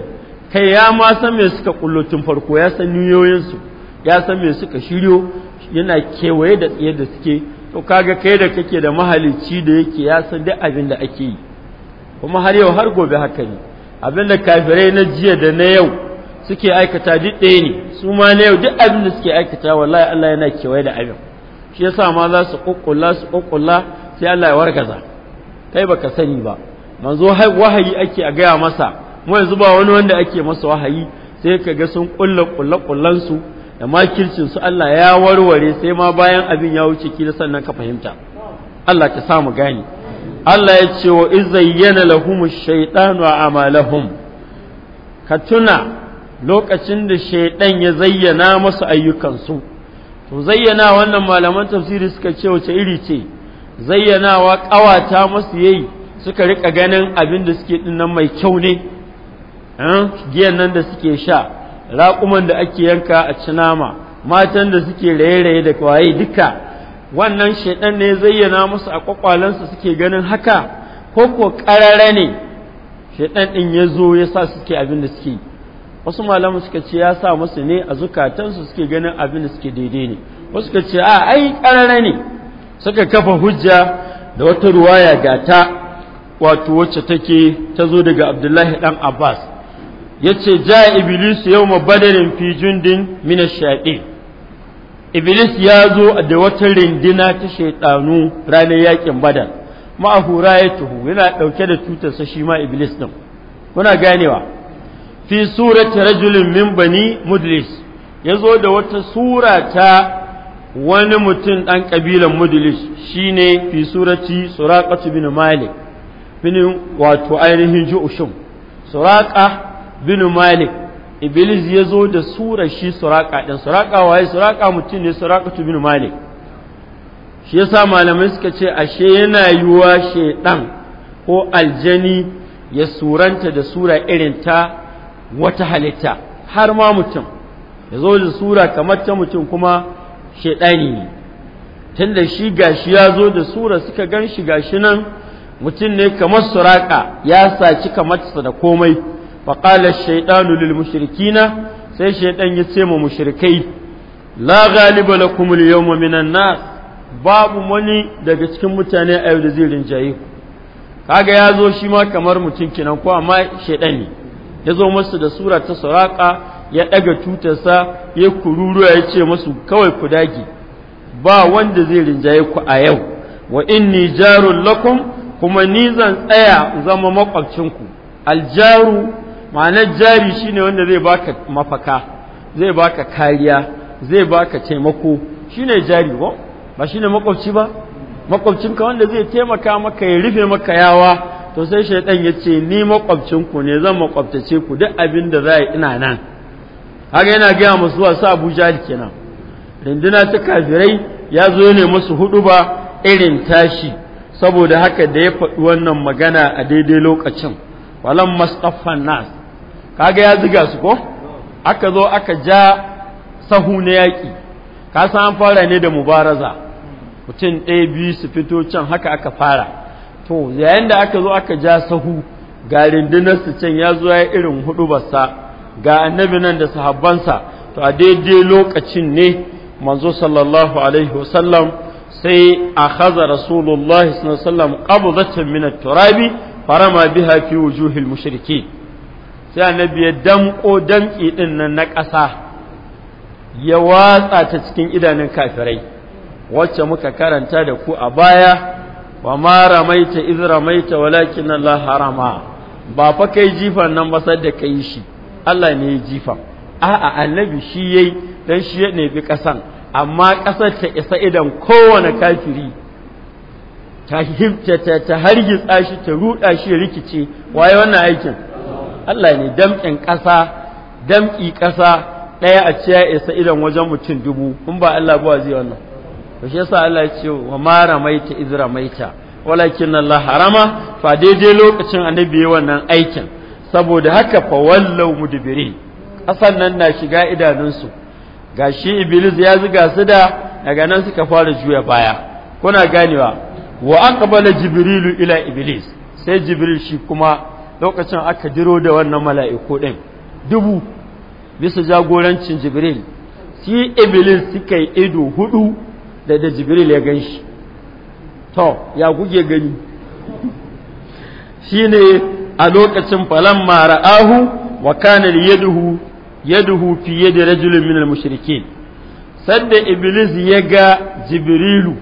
kai ya ma san me suka kulla tun farko ya san niyoyinsu ya san me suka shiryo yana kewaye da tsaye da suke to kaga kai da kake da mahalicci da yake ya san duk abin da ake yi kuma har yau har gobe haka ne abin da kafirai na jiya da na yau suke aikata duk ɗaya ne su ma na yau duk abin da suke aikata wallahi Allah yana kewaye da abin shi yasa ma za su kokkulla su kokkulla sai Allah ya wargaza kai baka sani ba manzo wahayi ake a gaya masa mu yanzu ba wani wanda ake masa wahayi sai ka ga sun kulla kulla su da makircin su Allah ya warware sai ma bayan abin ya wuce kila sannan ka fahimta Allah ta samu gani Allah ya ce wa izayyana lahum shaytanu amalahum ka tuna lokacin da shaiɗan ya zayyana masu ayyukansu to zayyana wannan malaman tafsiri suka ce wace iri ce zayyanawa ƙawata masu yayi suka rika ganin abin da suke dinnan mai kyau ne eh, giyan nan da suke sha raƙuman da ake yanka a cinama matan da suke raye-raye da kwaye duka wannan shaidan ne zayyana musu a kwakwalansu suke ganin haka ko ko ƙarara ne shaidan ɗin ya zo ya sa suke abin da suke wasu malamu suka ce ya sa musu ne a zukatansu suke ganin abin da suke daidai ne wasu suka ce a ai ƙarara ne suka kafa hujja da wata ruwaya gata wato wacce take ta zo daga abdullahi ɗan abbas yace ja iblis yawma badarin fi jundin min ash iblis ya zo da wata rindina ta shaytanu ranar yakin badar ma'ahura ya tuhu yana dauke da tutarsa shi ma iblis din kuna ganewa fi surati rajulin min bani mudlis ya zo da wata sura ta wani mutum ɗan kabilan mudlis shine fi surati suraqatu bin malik bin wato ainihin ju'ushum suraqa bin malik iblis ya zo da surar shi suraka ɗin suraka waye suraka mutum ne suraka tu bin malik shi yasa malamai suka ce ashe yana yiwuwa shaidan ko aljani ya suranta da sura irin ta wata halitta har ma mutum ya zo da sura kamar ta mutum kuma shaidani ne tunda shi gashi ya zo da sura suka gan shi gashi nan mutum ne kamar suraka ya saci kamar da komai faƙalar shaidanu lil mushrikina sai shaidan ya ce ma mushirikai. la galiba lakum al yawma babu wani daga cikin mutane a da zai rinjayi ku kaga ya zo shi ma kamar mutum kenan ko amma shaidan ne ya zo masu da sura ta suraka ya ɗaga tutarsa ya kururuwa ya ce masu kawai ku dage ba wanda zai rinjaye ku a yau wa inni jarun lakum kuma ni zan tsaya zama makwabcinku aljaru ma'anar jari shi ne wanda zai baka mafaka zai baka kariya zai baka taimako shi ne jari ba ba shi ne makwabci ba makwabcinka wanda zai taimaka maka ya rufe maka yawa to sai shaidan ya ce ni makwabcinku ne zan makwabtace ku duk abin da za ina nan haka yana gaya musu wasu abuja kenan rinduna ta kafirai ya zo ne masu hudu ba irin tashi saboda haka da ya faɗi wannan magana a daidai lokacin walan mastaffan nas kaga ya ziga su ko aka zo aka ja sahu na yaƙi ka san an fara ne da mubaraza mutum ɗaya biyu su fito can haka aka fara to yayin da aka zo aka ja sahu ga rundunar su can ya zo ya irin hudu basa ga annabi nan da sahabbansa to a daidai lokacin ne manzo sallallahu alaihi wasallam sai a haza rasulullahi sallallahu alaihi wasallam qabdatan min at-turabi farama biha fi wujuhil mushrikin sai annabi ya damko damki din nan na ƙasa ya watsa ta cikin idanun kafirai wacce muka karanta da ku a baya wa ma ramaita iz ramaita walakin Allah harama ba fa kai jifan nan ba sai da kai shi Allah ne ya jifa a'a annabi shi yayi dan shi ya ƙasan amma ƙasar ta isa idan kowane kafiri ta himta ta hargitsa shi ta ruɗa shi rikice waye wannan aikin Allah ne damƙin ƙasa damƙi ƙasa ɗaya a ciya isa idan wajen mutum dubu in ba Allah ba zai wannan to shi yasa Allah ce wa ma ramaita iz maita walakin Allah harama fa daidai lokacin annabi ya wannan aikin saboda haka fa wallau mudbirin ƙasan nan na shiga idanunsu gashi iblis ya ziga su da daga nan suka fara juya baya kuna ganewa wa aqbala jibrilu ila iblis sai jibril shi kuma lokacin aka jiro da wannan mala'iku ɗin dubu bisa jagorancin jibril si iblis suka yi ido hudu da da jibril ya gan shi to ya guge gani shi ne a lokacin falon mara ahu, wa kanar yaduhu yaduhu fiye da rajulun minar mushrikin sadda Ibilis ya ga jibrilu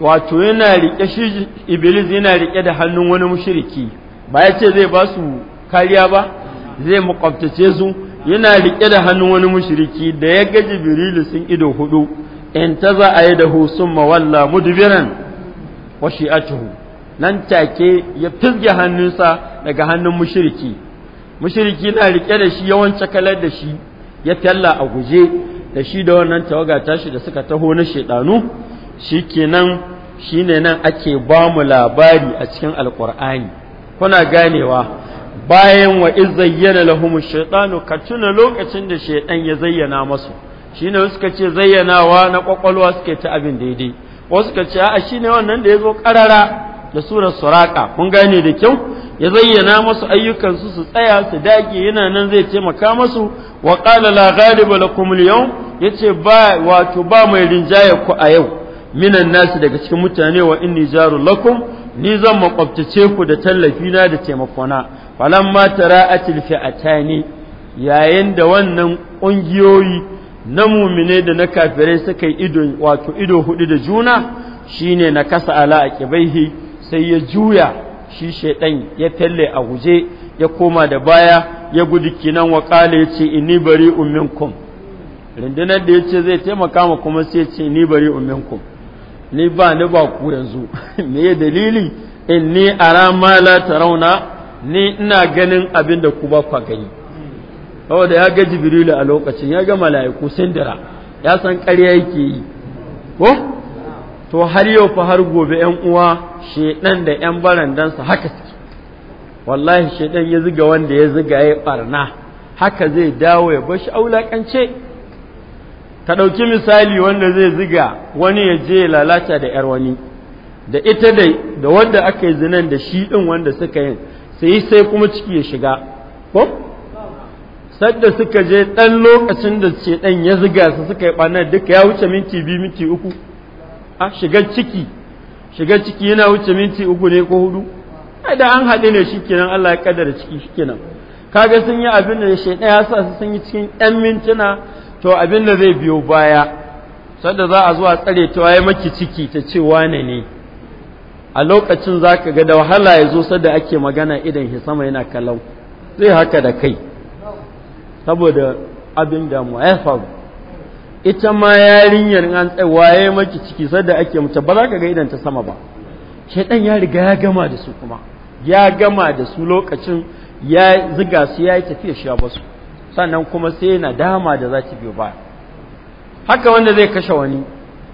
wato yana rike shi ibilis yana rike da hannun wani mushriki ba ya ce zai ba su kariya ba zai makwabtace su yana rike da hannun wani mushiriki da ya ga jibrilu sun ido hudu in ta za a yi da husun mawalla mudubiran wa shi'atuhu nan take ya fizge hannunsa daga hannun mushiriki mushiriki na riƙe da shi yawan cakalar da shi ya talla a guje da shi da wannan tawaga tashi da suka taho na shaidanu shikenan shine nan ake ba mu labari a cikin alƙur'ani kuna ganewa bayan wa izayyana lahum shaitanu ka tuna lokacin da shaiɗan ya zayyana masu shi ne suka ce zayyanawa na kwakwalwa suke ta abin daidai wasu ka ce a shine wannan da ya zo karara da surar suraka mun gane da kyau ya zayyana masu ayyukansu su tsaya su dage yana nan zai taimaka masu wa qala la ghaliba lakum al yace ba wato ba mai rinjaye ku a yau minan nasu daga cikin mutane wa inni jaru lakum ni zan makwabtace ku da tallafi na da taimakona a tilfi a tani. yayin da wannan ƙungiyoyi na mumine da na kafirai suka yi ido wato ido hudu da juna shine na kasa ala a kibaihi sai ya juya shi shaidan ya talle a guje ya koma da baya ya gudu kinan wa kala ya ce ini bari umminkum rundunar da ya ce zai taimaka ma kuma sai ya ce ini bari umminkum ni ba ni ba ku yanzu me dalili inni ara ma la tarawna ni ina ganin abin da ku ba ku gani saboda ya ga jibrilu a lokacin ya ga mala'iku sindira ya san ƙarya yake yi ko to har yau fa har gobe yan uwa shedan da yan barandansa haka suke wallahi shedan ya ziga wanda ya ziga ya barna haka zai dawo ya bashi aulakance ka ɗauki misali wanda zai ziga wani ya je lalata da ‘yar wani da ita dai da wanda aka yi zinan da shi ɗin wanda suka yin sai sai kuma ciki ya shiga ko sadda suka je ɗan lokacin da ce ɗan ya ziga su suka yi ɓanar duka ya wuce minti biyu minti uku a shiga ciki shiga ciki yana wuce minti uku ne ko hudu ai da an haɗe ne shi kenan Allah ya kaddara ciki kenan kaga sun yi abin da shi ya sa su sun yi cikin ɗan mintuna to abin da zai biyo baya sanda za a zuwa tsare ta ai maki ciki ta ce wane ne a lokacin za ka ga da wahala ya zo sadda ake magana idan sama yana kalau zai haka da kai saboda abin mu ya ita ma yarinyar an waye maki ciki sadda ake mace ba za ka ga idan ta sama ba shaidan ya riga ya gama da su kuma ya gama da su lokacin ya ziga su ya yi tafiya shi ya basu sannan kuma sai dama da za ta biyo ba haka wanda zai kashe wani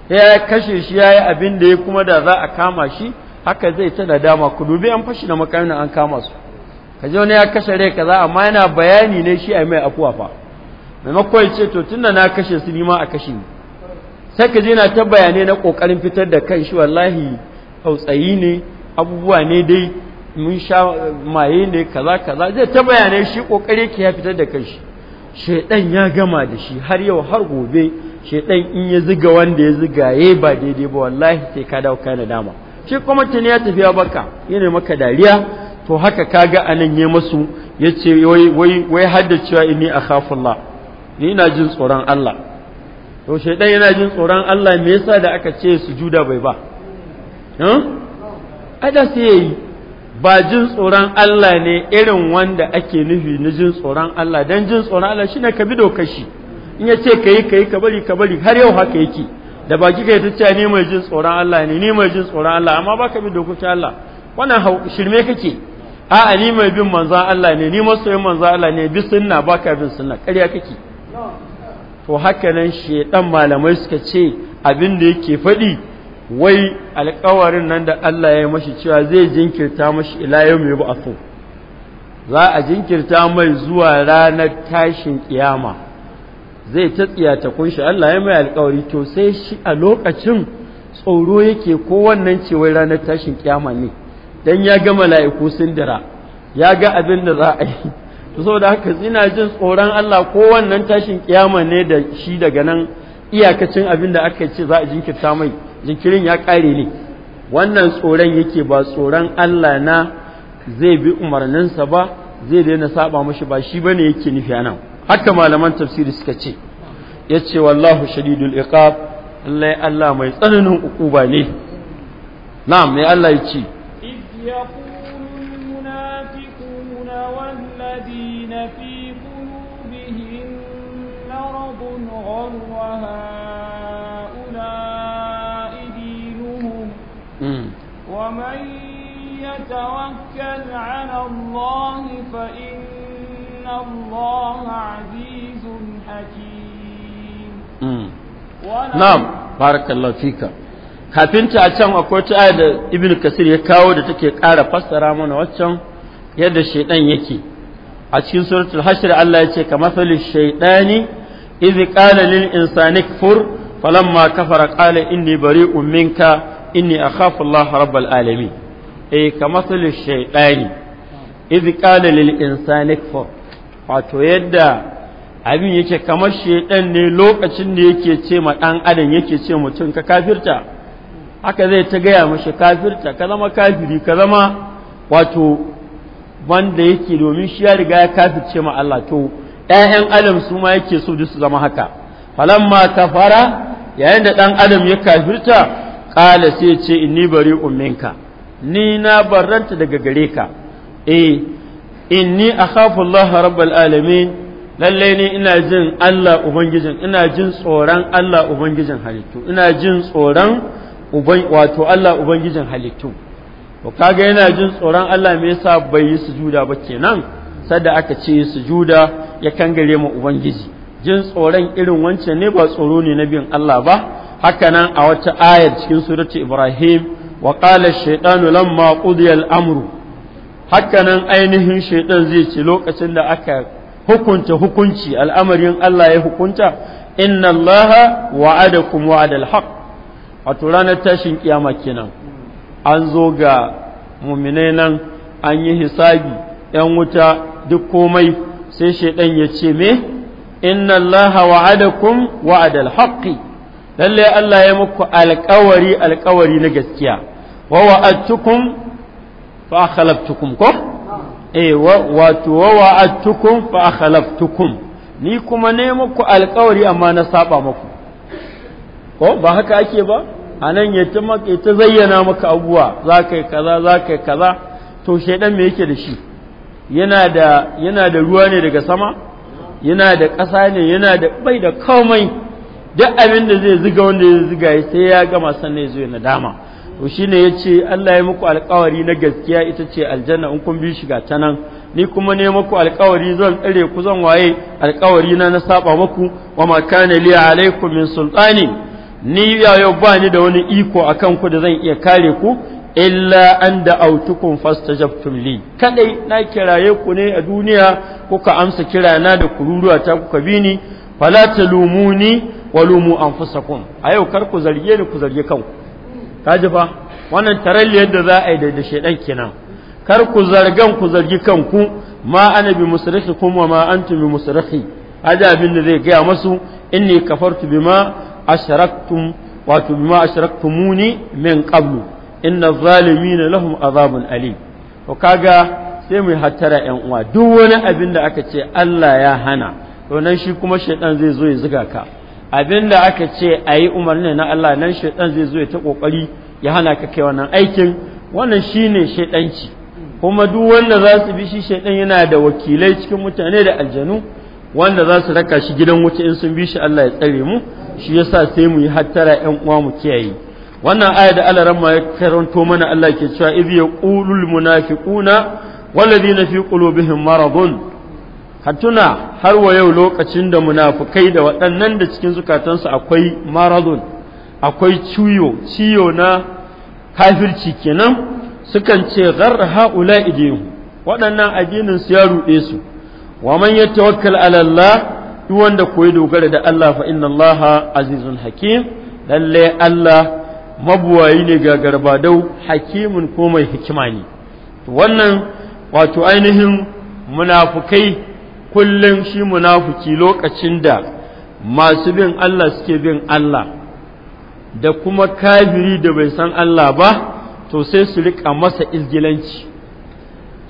ya kashe shi ya yi abin da ya kuma da za a kama shi haka zai ta dama ku dubi an fashi na makamin an kama su ka ji wani ya kashe rai kaza amma yana bayani ne shi a mai afuwa fa maimakon ya ce to da na kashe su ni a kashe ni sai ka ji na ta bayanai na kokarin fitar da kan shi wallahi tsayi ne abubuwa ne dai mun sha maye ne kaza kaza zai ta bayanai shi kokari ke ya fitar da kan shi shaidan ya gama da shi har yau har gobe shaidan in ya ziga wanda ya ziga ya ba daidai ba wallahi sai ka dawo kana dama shi kuma tuni ya tafi ya baka yana maka dariya to haka ka ga anan ya masu ya ce wai wai hadda cewa inni akhafullah ni ina jin tsoron Allah to shaidan yana jin tsoron Allah me yasa da aka ce su juda bai ba ada sai yayi ba jin tsoron Allah ne irin wanda ake nufi na jin tsoron Allah dan jin tsoron Allah shine ka bi doka shi in ya ce ka yi ka yi ka bari ka bari har yau haka yake da baki kai ta cewa ni mai jin tsoron Allah ne ni mai jin tsoron Allah amma ba ka bi dokokin Allah wannan shirme kake a'a ni mai bin manzan Allah ne ni masoyin manzan Allah ne bi sunna ka bin sunna ƙarya kake to haka nan shedan malamai suka ce abin da yake faɗi wai alkawarin nan da Allah ya yi mashi cewa zai jinkirta mashi ila yau mai so? za a jinkirta mai zuwa ranar tashin kiyama zai ta tsiyata kunshi Allah ya mai alkawari to sai shi a lokacin tsoro yake ko wannan ce wai ranar tashin kiyama ne dan ya ga mala'iku sun dira ya ga abin da za a yi to saboda haka ina jin tsoron Allah ko wannan tashin kiyama ne da shi daga nan iyakacin abin da aka ce za a jinkirta mai jinkirin ya ƙare ne wannan tsoron yake ba tsoron Allah na zai bi umarninsa ba zai daina saba mashi ba shi bane yake nufi anan haka malaman tafsiri suka ce yace wallahu shadidul iqab lallai Allah mai tsananin ukuba ne na'am mai Allah yace الذين في قلوبهم مرض غر ومن يتوكل على الله فإن الله عزيز حكيم نعم بارك الله فيك kafinta a can akwai ta da ibnu kasir ya kawo da take ƙara fassara mana waccan yadda shaidan yake a cikin suratul hashr Allah ya ce ka masali shaidani idh qala lil insani kfur falamma kafara qala inni bari'un minka inni akhafu Allah rabbal alamin eh kamathal shaytani idh qala lil insani kfur wato yadda abin yake kamar shaiɗan ne lokacin da yake ce ma ɗan adam yake ce mutum ka kafirta haka zai ta gaya mashi kafirta ka zama kafiri ka zama wato wanda yake domin shi ya riga ya kafirce ma Allah to ‘ya'yan adam su ma yake so su zama haka falamma kafara yayin da ɗan adam ya kafirta ƙala sai ya ce inni bari umminka ni na barranta daga gare ka eh inni akhafu Allah rabbal alamin lalle ne ina jin Allah ubangijin ina jin tsoron Allah ubangijin halittu ina jin tsoron uban wato Allah ubangijin halittu to kaga yana jin tsoron Allah me yasa bai yi sujuda ba kenan sada aka ce sujuda ya kangare mu ubangiji jin tsoron irin wancan ne ba tsoro ne na bin Allah ba hakanan a wata ayar cikin surati ibrahim wa qala shaytanu lamma qudiya al-amru haka ainihin shaytan zai ce lokacin da aka hukunta hukunci al'amarin Allah ya hukunta inna allaha wa'adakum wa'ada al-haq wato ranar tashin kiyama kenan an zo ga muminai nan an yi hisabi ‘yan wuta duk komai sai shaidan ya ce me inna allaha wa'adakum wa'adal haqqi lalle Allah ya muku alkawari alkawari na gaskiya wa wa'adtukum fa akhlaftukum ko eh wato wa wa'adtukum fa akhlaftukum ni kuma ne muku alkawari amma na saba muku ko ba haka ake ba anan ya ta maka ta zayyana maka abuwa za ka yi kaza za kaza to shaidan me yake da shi yana da yana da ruwa ne daga sama yana da ƙasa ne yana da bai da komai duk abin da zai ziga wanda ya ziga sai ya gama sannan ya zo nadama to shine yace Allah ya muku alƙawari na gaskiya ita ce aljanna in kun bi shiga ta nan ni kuma ne muku alƙawari zan tsare ku zan waye alƙawari na na saba muku wa ma kana li alaikum min sultani ni ya yau ba ni da wani iko akan ku da zan iya kare ku illa an da autukun fastajabtum li kadai na kiraye ku ne a duniya kuka amsa kirana da kururuwa ta kuka bi ni fala talumuni walumu anfusakum a yau kar ku zarge ni ku zarge Ka ji fa wannan taralliyar da za a yi da shaiɗan kenan kar ku zargan ku zargi kanku ma ana bi musrihikum wa ma antum bi musrihi haja abin da zai gaya masu inni kafartu bima ashraktum wato bima ashraktumuni min qablu inna zalimina lahum azabun alim to kaga sai mu hattara yan uwa duk wani abin da aka ce Allah ya hana to nan shi kuma shaiɗan zai zo ya zuga ka abinda aka ce a yi umarni na Allah nan shaidan zai zo ya ta kokari ya hana ka kai wannan aikin wannan shine shaidanci kuma duk wanda za su bi shi shaidan yana da wakilai cikin mutane da aljanu wanda za su raka shi gidan wuce in sun bi shi Allah ya tsare mu shi yasa sai mu yi hattara ƴan uwa mu kiyaye wannan aya da Allah ramma ya karanto mana Allah ke cewa idh yaqulul munafiquna والذين fi qulubihim maradun ka har wa yau lokacin da munafukai da waɗannan da cikin zukatansu akwai maradun akwai ciwo ciwo na kafirci kenan sukan ce gharra haula idin waɗannan addinin su ya ruɗe su wa man yatawakkal ala Allah duk wanda koyi dogara da Allah fa inna Allah azizun hakim lalle Allah mabuwayi ne ga garbadau hakimin ko mai hikima ne wannan wato ainihin munafukai kullum shi munafuki lokacin da masu bin Allah suke bin Allah da kuma kabiri da bai san Allah ba to sai su rika masa izgilanci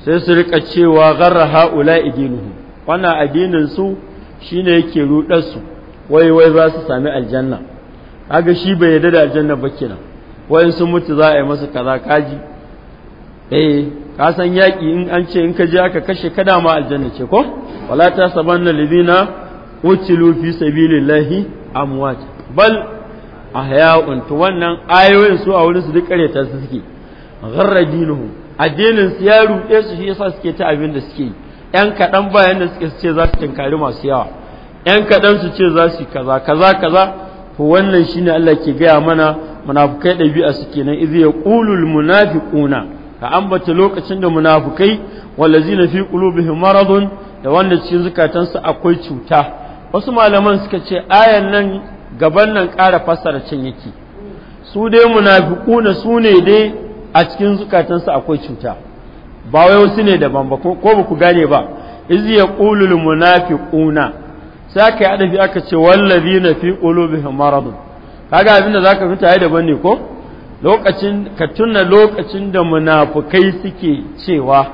sai su rika cewa gharra haula idinuhu wannan addinin su shine yake rudar su wai wai za su sami aljanna kaga shi bai yarda da aljanna ba kenan wayan sun mutu za a yi masa kaza kaji eh ka san yaƙi in an ce in ka je aka kashe kada ma aljanna ce ko wala ta sabanna ladina qutilu fi sabilillahi amwat bal ahya'un to wannan ayoyin su a wurin su duk kareta su suke gharra dinuhu addinin su ya ruɗe su shi yasa suke ta abin da suke yi yan kaɗan bayan da suke ce za su tinkari masu yawa yan kaɗan su ce za su kaza kaza kaza to wannan shine Allah ke gaya mana munafukai ɗabi'a suke nan idh yaqulul munafiquna ka ambata lokacin da munafukai wallazina fi qulubihim maradun da wanda cikin zukatansu akwai cuta wasu malaman suka ce ayan nan gaban nan ƙara fassara can yake su dai munafiquna su ne dai a cikin zukatansu akwai cuta ba wai wasu ne daban ba ko ba ku gane ba iz yaqulu lil munafiquna sai aka yi adafi aka ce wallazina fi qulubihim maradun kaga abinda zaka fita ai daban ne ko lokacin ka tuna lokacin da munafukai suke cewa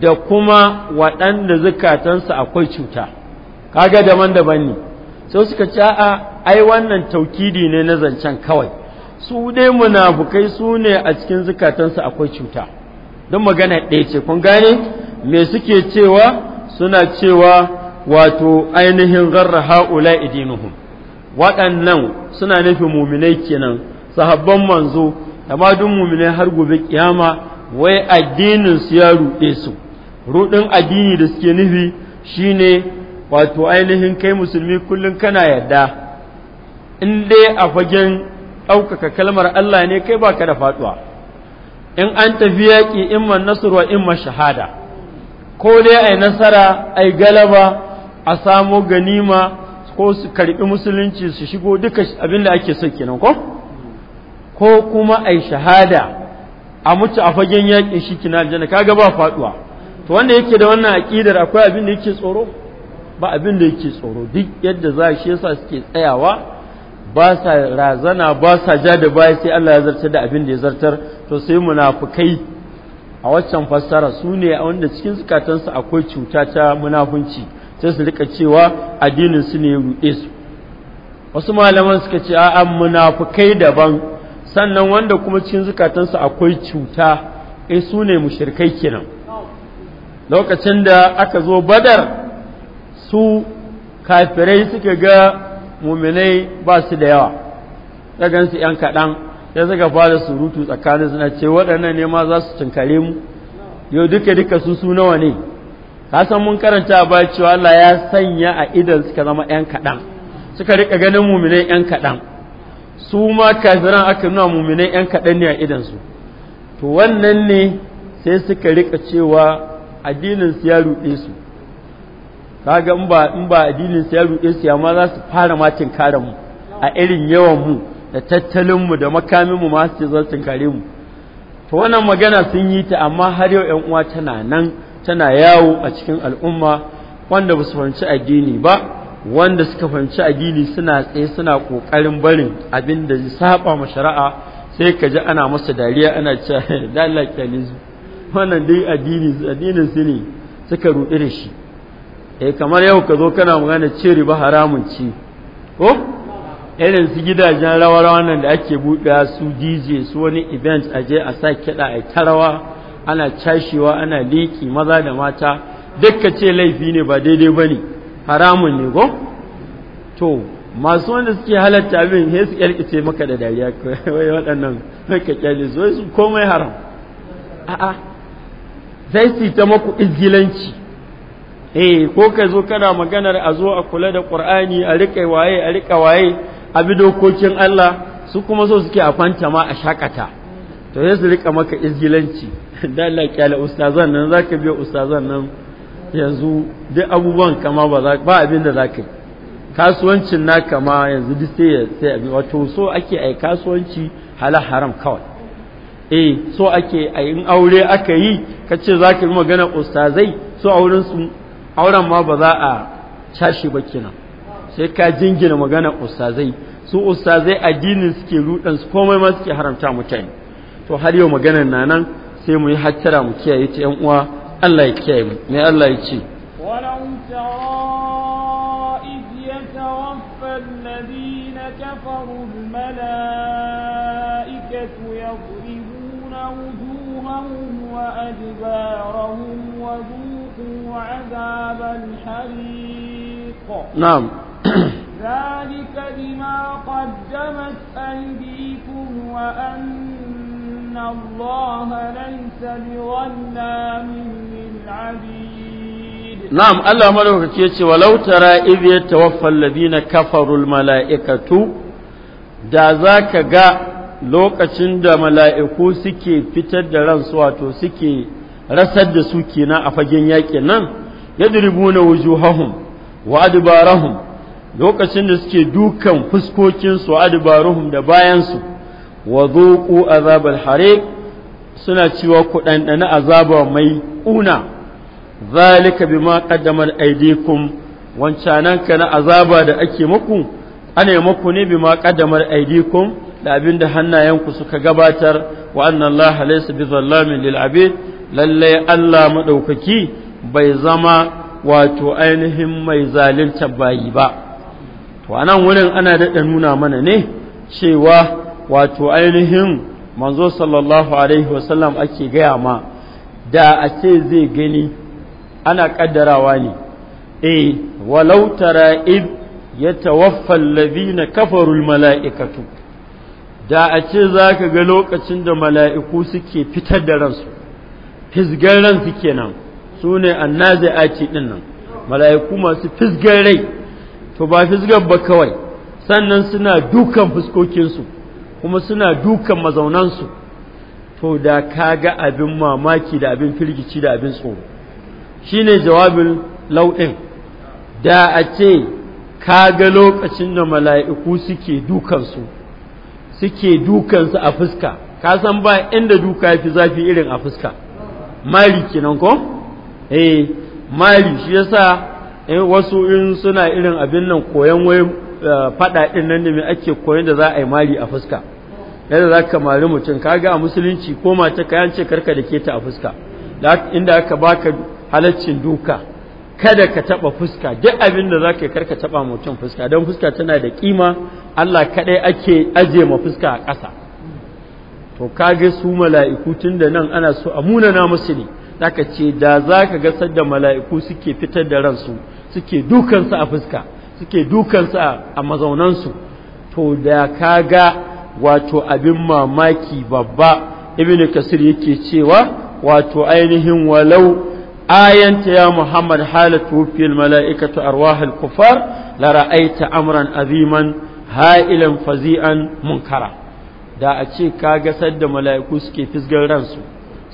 da kuma waɗanda zukatansu akwai cuta kaga daban daban ne sai suka ce a ai wannan taukidi ne na zancen kawai su dai munafukai su ne a cikin zukatansu akwai cuta don magana ɗaya ce kun gane me suke cewa suna cewa wato ainihin garra ha'ula idinuhum waɗannan suna nufin muminai kenan sahabban manzo da ma duk mumine har gobe kiyama wai addinin su ya ruɗe su ruɗin addini da suke nufi shine wato ainihin kai musulmi kullum kana yadda in dai a fagen ɗaukaka kalmar Allah ne kai baka da faɗuwa in an tafi yaƙi in man nasru wa in man shahada ko dai ai nasara ai galaba a samo ganima ko su karɓi musulunci su shigo duka abin da ake so kenan ko ko kuma ai shahada a mutu a fagen yakin shi kina aljanna kaga ba faduwa to wanda yake da wannan aqidar akwai abin da yake tsoro ba abin da yake tsoro duk yadda za shi yasa suke tsayawa ba sa razana ba sa ja da baya sai Allah ya zartar da abin da ya zartar to sai munafukai a waccan fassara su ne a wanda cikin zukatansu akwai cuta ta munafunci sai su rika cewa addinin su ne ruɗe su wasu malaman suka ce a'a munafukai daban sannan wanda kuma cikin zukatansu akwai cuta e su ne mushirkai kenan lokacin da aka zo badar su kafirai suka ga muminai ba su da yawa gansu 'yan kaɗan ya suka fara surutu tsakanin suna ce waɗannan ne ma za su cinkare mu yau duka duka su su nawa ne kasan mun karanta ba cewa Allah ya sanya a idan suka zama 'yan kaɗan suka rika ganin muminai 'yan kaɗan su ma kafiran aka nuna muminai ‘yan kaɗan ne a idansu to wannan ne sai suka rika cewa addinin su ya ruɗe su kaga in ba in ya ruɗe su yamma za su fara matin kare mu a irin yawan mu da tattalin mu da makamin mu ma zan tinkare mu to wannan magana sun yi ta amma har yau ‘yan uwa tana nan tana yawo a cikin al'umma wanda ba su fahimci addini ba wanda suka fahimci addini suna tsaye suna kokarin barin abin da saba ma shari'a sai ka ji ana masa dariya ana cewa da Allah kyalizu wannan dai addini addinin su ne suka ruɗu da shi eh kamar yau ka zo kana magana ce riba haramun ci ko irin su gidajen rawa rawa nan da ake buɗe su DJ su wani event a je a sa kiɗa a tarawa ana cashewa ana liki maza da mata dukka ce laifi ne ba daidai bane haramun ne go to masu wanda suke halatta abin sai su kyalkice maka da dariya wai waɗannan ka kyale su su komai haram a'a zai su ta maku izgilanci eh ko ka zo kana maganar a zo a kula da qur'ani a rika waye a rika waye a bi dokokin Allah su kuma so suke a kwanta ma a shakata to sai su rika maka izgilanci dan Allah kyale ustazan nan zaka biya ustazan nan yanzu duk abubuwan kama ba ba abin da za ka yi kasuwancin na kama yanzu duk sai sai abin wato so ake ai kasuwanci hala haram kawai eh so ake ai in aure aka yi ka ce za ka yi magana ustazai so auren su auren ma ba za a cashe ba kenan sai ka jingina magana ustazai su ustazai addinin suke rudan su komai ma suke haramta mutane to har yau maganar na nan sai mu yi hattara mu kiyaye ta yan uwa Allah ya kiyaye mu me Allah ya ce walau na'am ذلك بما قدمت أيديكم وأن إن الله ليس بظلام للعبيد نعم الله ملوك يتي ولو ترى إذ يتوفى الذين كفروا الملائكة da za ka ga lokacin da mala'iku suke fitar da ransu wato suke rasar da su kenan a fagen yakin nan yadribu na wujuhahum wa adbarahum lokacin da suke dukan fuskokinsu wa adbarahum da bayansu wa zuqu azabal harik suna cewa ku ɗanɗana azaba mai ƙuna zalika bima qaddamar aydikum wancanan ka na azaba da ake muku ana muku ne bima qaddamar aidikum da abin da hannayenku suka gabatar wa anna Allah laysa bizallamin lil abid lalle Allah madaukaki bai zama wato ainihin mai zalunta bayi ba to anan wurin ana daɗa nuna mana ne cewa wato ainihin manzo sallallahu alaihi wasallam ake gaya ma da a ce zai gani ana kaddarawa ne eh walau tara id yatawaffa alladhina kafaru mala'ikatu. da a ce zaka ga lokacin da mala'iku suke fitar da ransu fisgar ransu kenan su ne ce din nan mala'iku masu fisgar rai to ba fisgar ba kawai sannan suna dukan fuskokinsu kuma suna dukan mazaunansu to da kaga abin mamaki da abin firgici da abin tsoro shine jawabin lauɗin da a ce kaga lokacin da mala'iku suke dukansu suke dukansu a fuska ka san ba inda duka ya fi zafi irin a fuska mari kenan ko eh mari shi yasa eh, wasu in suna irin abin nan koyon wai fada din nan ne mai ake koyon da za a yi mali a fuska yadda za ka mari mutum kaga a musulunci ko mace ka yance karka da ta a fuska inda aka baka halaccin duka kada ka taba fuska duk abin da zaka karka taba mutum fuska don fuska tana da kima Allah kadai ake aje ma fuska a ƙasa to kage su mala'iku tun da nan ana so a munana musu ne zaka ce da zaka ga sadda mala'iku suke fitar da ransu suke dukansu a fuska suke dukansa a mazaunansu to da kaga wato abin mamaki babba ibn kasir yake cewa wato ainihin walau ayanta ya muhammad halatu fil mala'ikatu arwahul kufar la ra'aita amran aziman ha'ilan fazi'an munkara da a ce kaga sadda mala'iku suke fisgar ransu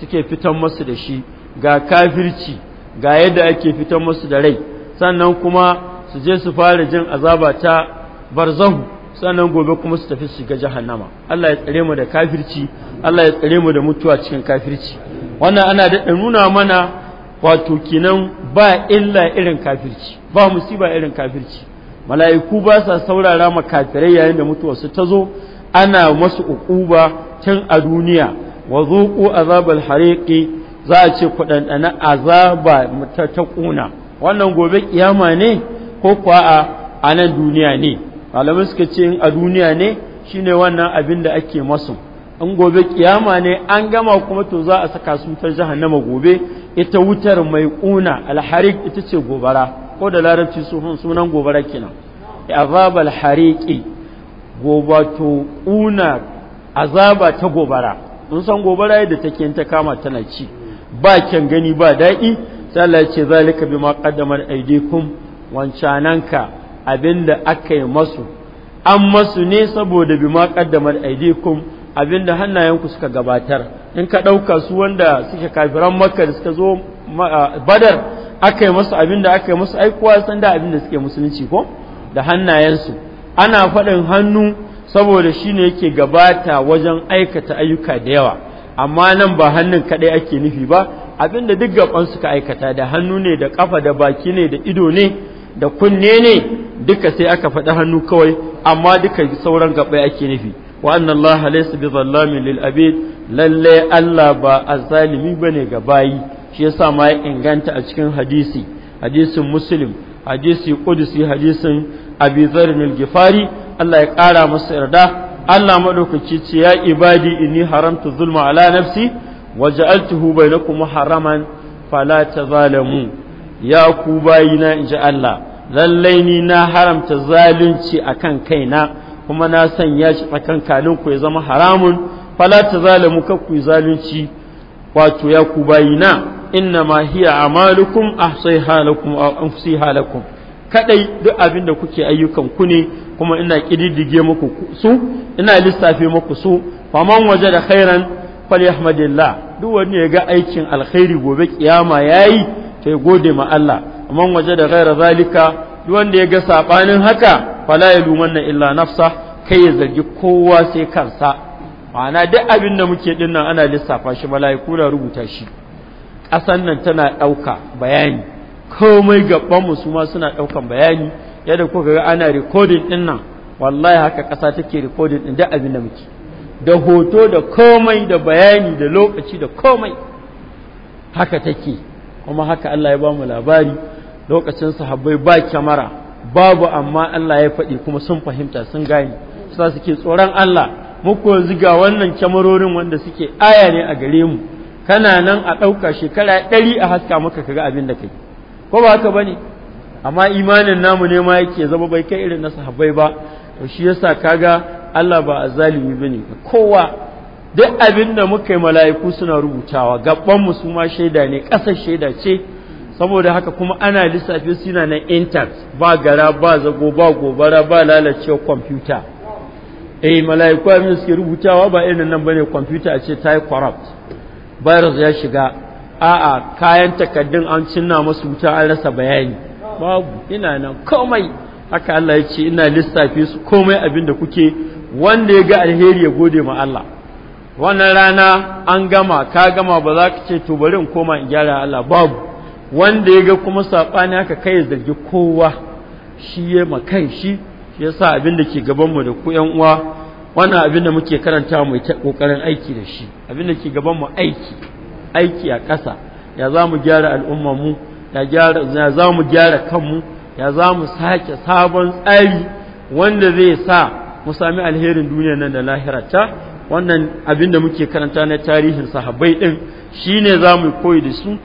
suke fitan masu da shi ga kafirci ga yadda ake fitan masu da rai sannan kuma su je su fara jin azaba ta barzan sannan gobe kuma su tafi shiga jahannama Allah ya tsare mu da kafirci Allah ya tsare mu da mutuwa cikin kafirci wannan ana da nuna mana wato kinan ba illa irin kafirci ba musiba irin kafirci mala'iku ba sa saurara ma kafirai yayin da mutuwa su ta zo ana masu uquba tun a duniya wa zuqu azabal hariqi za a ce ku dandana azaba ta kuna wannan gobe kiyama ne ko kuwa a nan duniya ne malamai suka ce a duniya ne shine wannan abin da ake masu An gobe kiyama ne an gama kuma to za a saka su ta jahannama gobe ita wutar mai kuna alharik ita ce gobara ko da larabci sunan gobara kenan azab alhariqi gobato kuna azaba ta gobara mun san gobara yadda take ta kama tana ci ba kyan gani ba daɗi sai Allah ya ce zalika bima qaddamat aydikum wancananka abinda aka yi masu an masu ne saboda bi ma kaddamar aidikum abinda hannayenku suka gabatar in ka ɗauka su wanda suke kafiran makka da suka zo badar aka yi masu abinda aka yi masu aikuwa san da abinda suke musulunci ko da hannayensu ana faɗin hannu saboda shi ne yake gabata wajen aikata ayyuka da yawa amma nan ba hannun kaɗai ake nufi ba abinda duk gaban suka aikata da hannu ne da ƙafa da baki ne da ido ne da kunne ne duka sai aka faɗi hannu kawai amma duka sauran gabai ake nufi wa anna Allah laysa bi zallamin lil abid lalle Allah ba ne bane ga bayi shi yasa ma ya inganta a cikin hadisi hadisin muslim hadisi qudusi hadisin abi dharr al gifari Allah ya kara masa yarda Allah madaukaki ce ya ibadi inni haramtu zulma ala nafsi na bainakum haraman fala tazalamu ya ku bayina inji Allah lallai ni na haramta zalunci akan kaina kuma na sanya shi tsakankanin ku ya zama haramun fala ta zalimu kar ku zalunci wato ya ku bayina inna ma hiya amalukum ahsayha lakum aw anfusiha lakum kadai duk abin da kuke ayyukan ku ne kuma ina kididdige muku su ina lissafe muku su fa waje da khairan falyahmadillah duk wanda ya ga aikin alkhairi gobe kiyama yayi to gode ma Allah man waje da gaira zalika duk wanda ya ga sabanin haka fala ya na illa nafsa kai ya zargi kowa sai kansa ma'ana duk abin da muke dinnan ana lissafa shi mala'iku na rubuta shi ƙasan nan tana ɗauka bayani komai gaban mu su ma suna ɗaukan bayani yadda kuka ga ana recording dinnan, wallahi haka ƙasa take recording din duk abin da muke da hoto da komai da bayani da lokaci da komai haka take kuma haka Allah ya ba mu labari lokacin sahabbai ba kyamara babu amma Allah ya faɗi kuma sun fahimta sun gane sa suke tsoron Allah muku yanzu ga wannan kyamarorin wanda suke aya ne a gare mu kana nan a ɗauka shekara ɗari a haska maka kaga abin da kai ko ba haka bane amma imanin namu ne ma yake zama bai kai irin na sahabbai ba to shi yasa kaga Allah ba azalimi bane kowa duk abin da muka yi mala'iku suna rubutawa gaban mu su ma shaida ne ƙasar shaida ce saboda haka kuma ana lissafi suna nan intact ba gara ba zago ba gobara ba lalacewa kwamfuta eh mala'iku abin suke rubutawa ba irin nan bane kwamfuta a ce ta yi corrupt virus ya shiga a'a kayan takaddun an cinna masu wuta an rasa bayani babu ina nan komai haka Allah ya ce ina lissafi su komai abin da kuke wanda ya ga alheri ya gode ma Allah wannan rana an gama ka gama ba za ka ce to bari in koma in gyara Allah babu wanda ya ga kuma saɓani aka kai ya zargi kowa shi ya makan shi shi ya sa abin da ke gabanmu da ku ‘yan uwa wannan abin da muke karanta mai ta ƙoƙarin aiki da shi abin da ke gabanmu aiki aiki a ƙasa ya za mu gyara al'ummarmu ya za mu gyara kanmu ya za mu sake sabon tsari wanda zai sa mu sami alherin duniya nan da lahirata wannan abin da muke karanta na tarihin sahabbai ɗin shine za mu koyi da su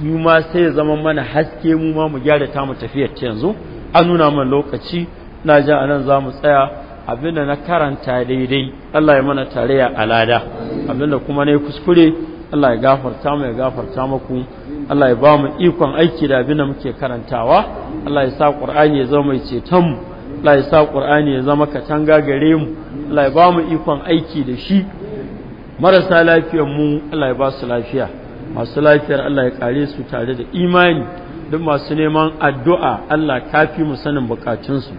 mu ma sai ya zama mana haske mu ma mu gyara ta mu tafiyar ta yanzu an nuna man lokaci na ji a nan za mu tsaya abinda na karanta daidai Allah ya mana tarayya alada abinda kuma na yi kuskure Allah ya gafarta mu ya gafarta muku Allah ya ba mu ikon aiki da abinda muke karantawa Allah ya sa Qur'ani ya zama mai ceton mu Allah ya sa Qur'ani ya zama katanga gare mu Allah ya ba mu ikon aiki da shi marasa lafiyar mu Allah ya ba su lafiya masu lafiyar Allah ya kare su tare da imani duk masu neman addu'a Allah ta fi mu sanin bukatunsu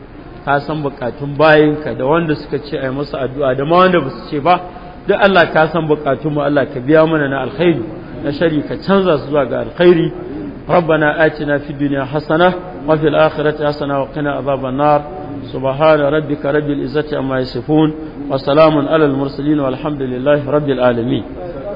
ka san bukatun bayanka da wanda suka ce a yi masa addu'a da ma wanda ba su ce ba duk Allah ka san bukatun mu Allah ka biya mana na alkhairi na shari ka canza su zuwa ga alkhairi ربنا آتنا في الدنيا حسنة وفي الآخرة حسنة وقنا عذاب النار سبحان ربك رب العزة عما يصفون وسلام على المرسلين والحمد لله رب العالمين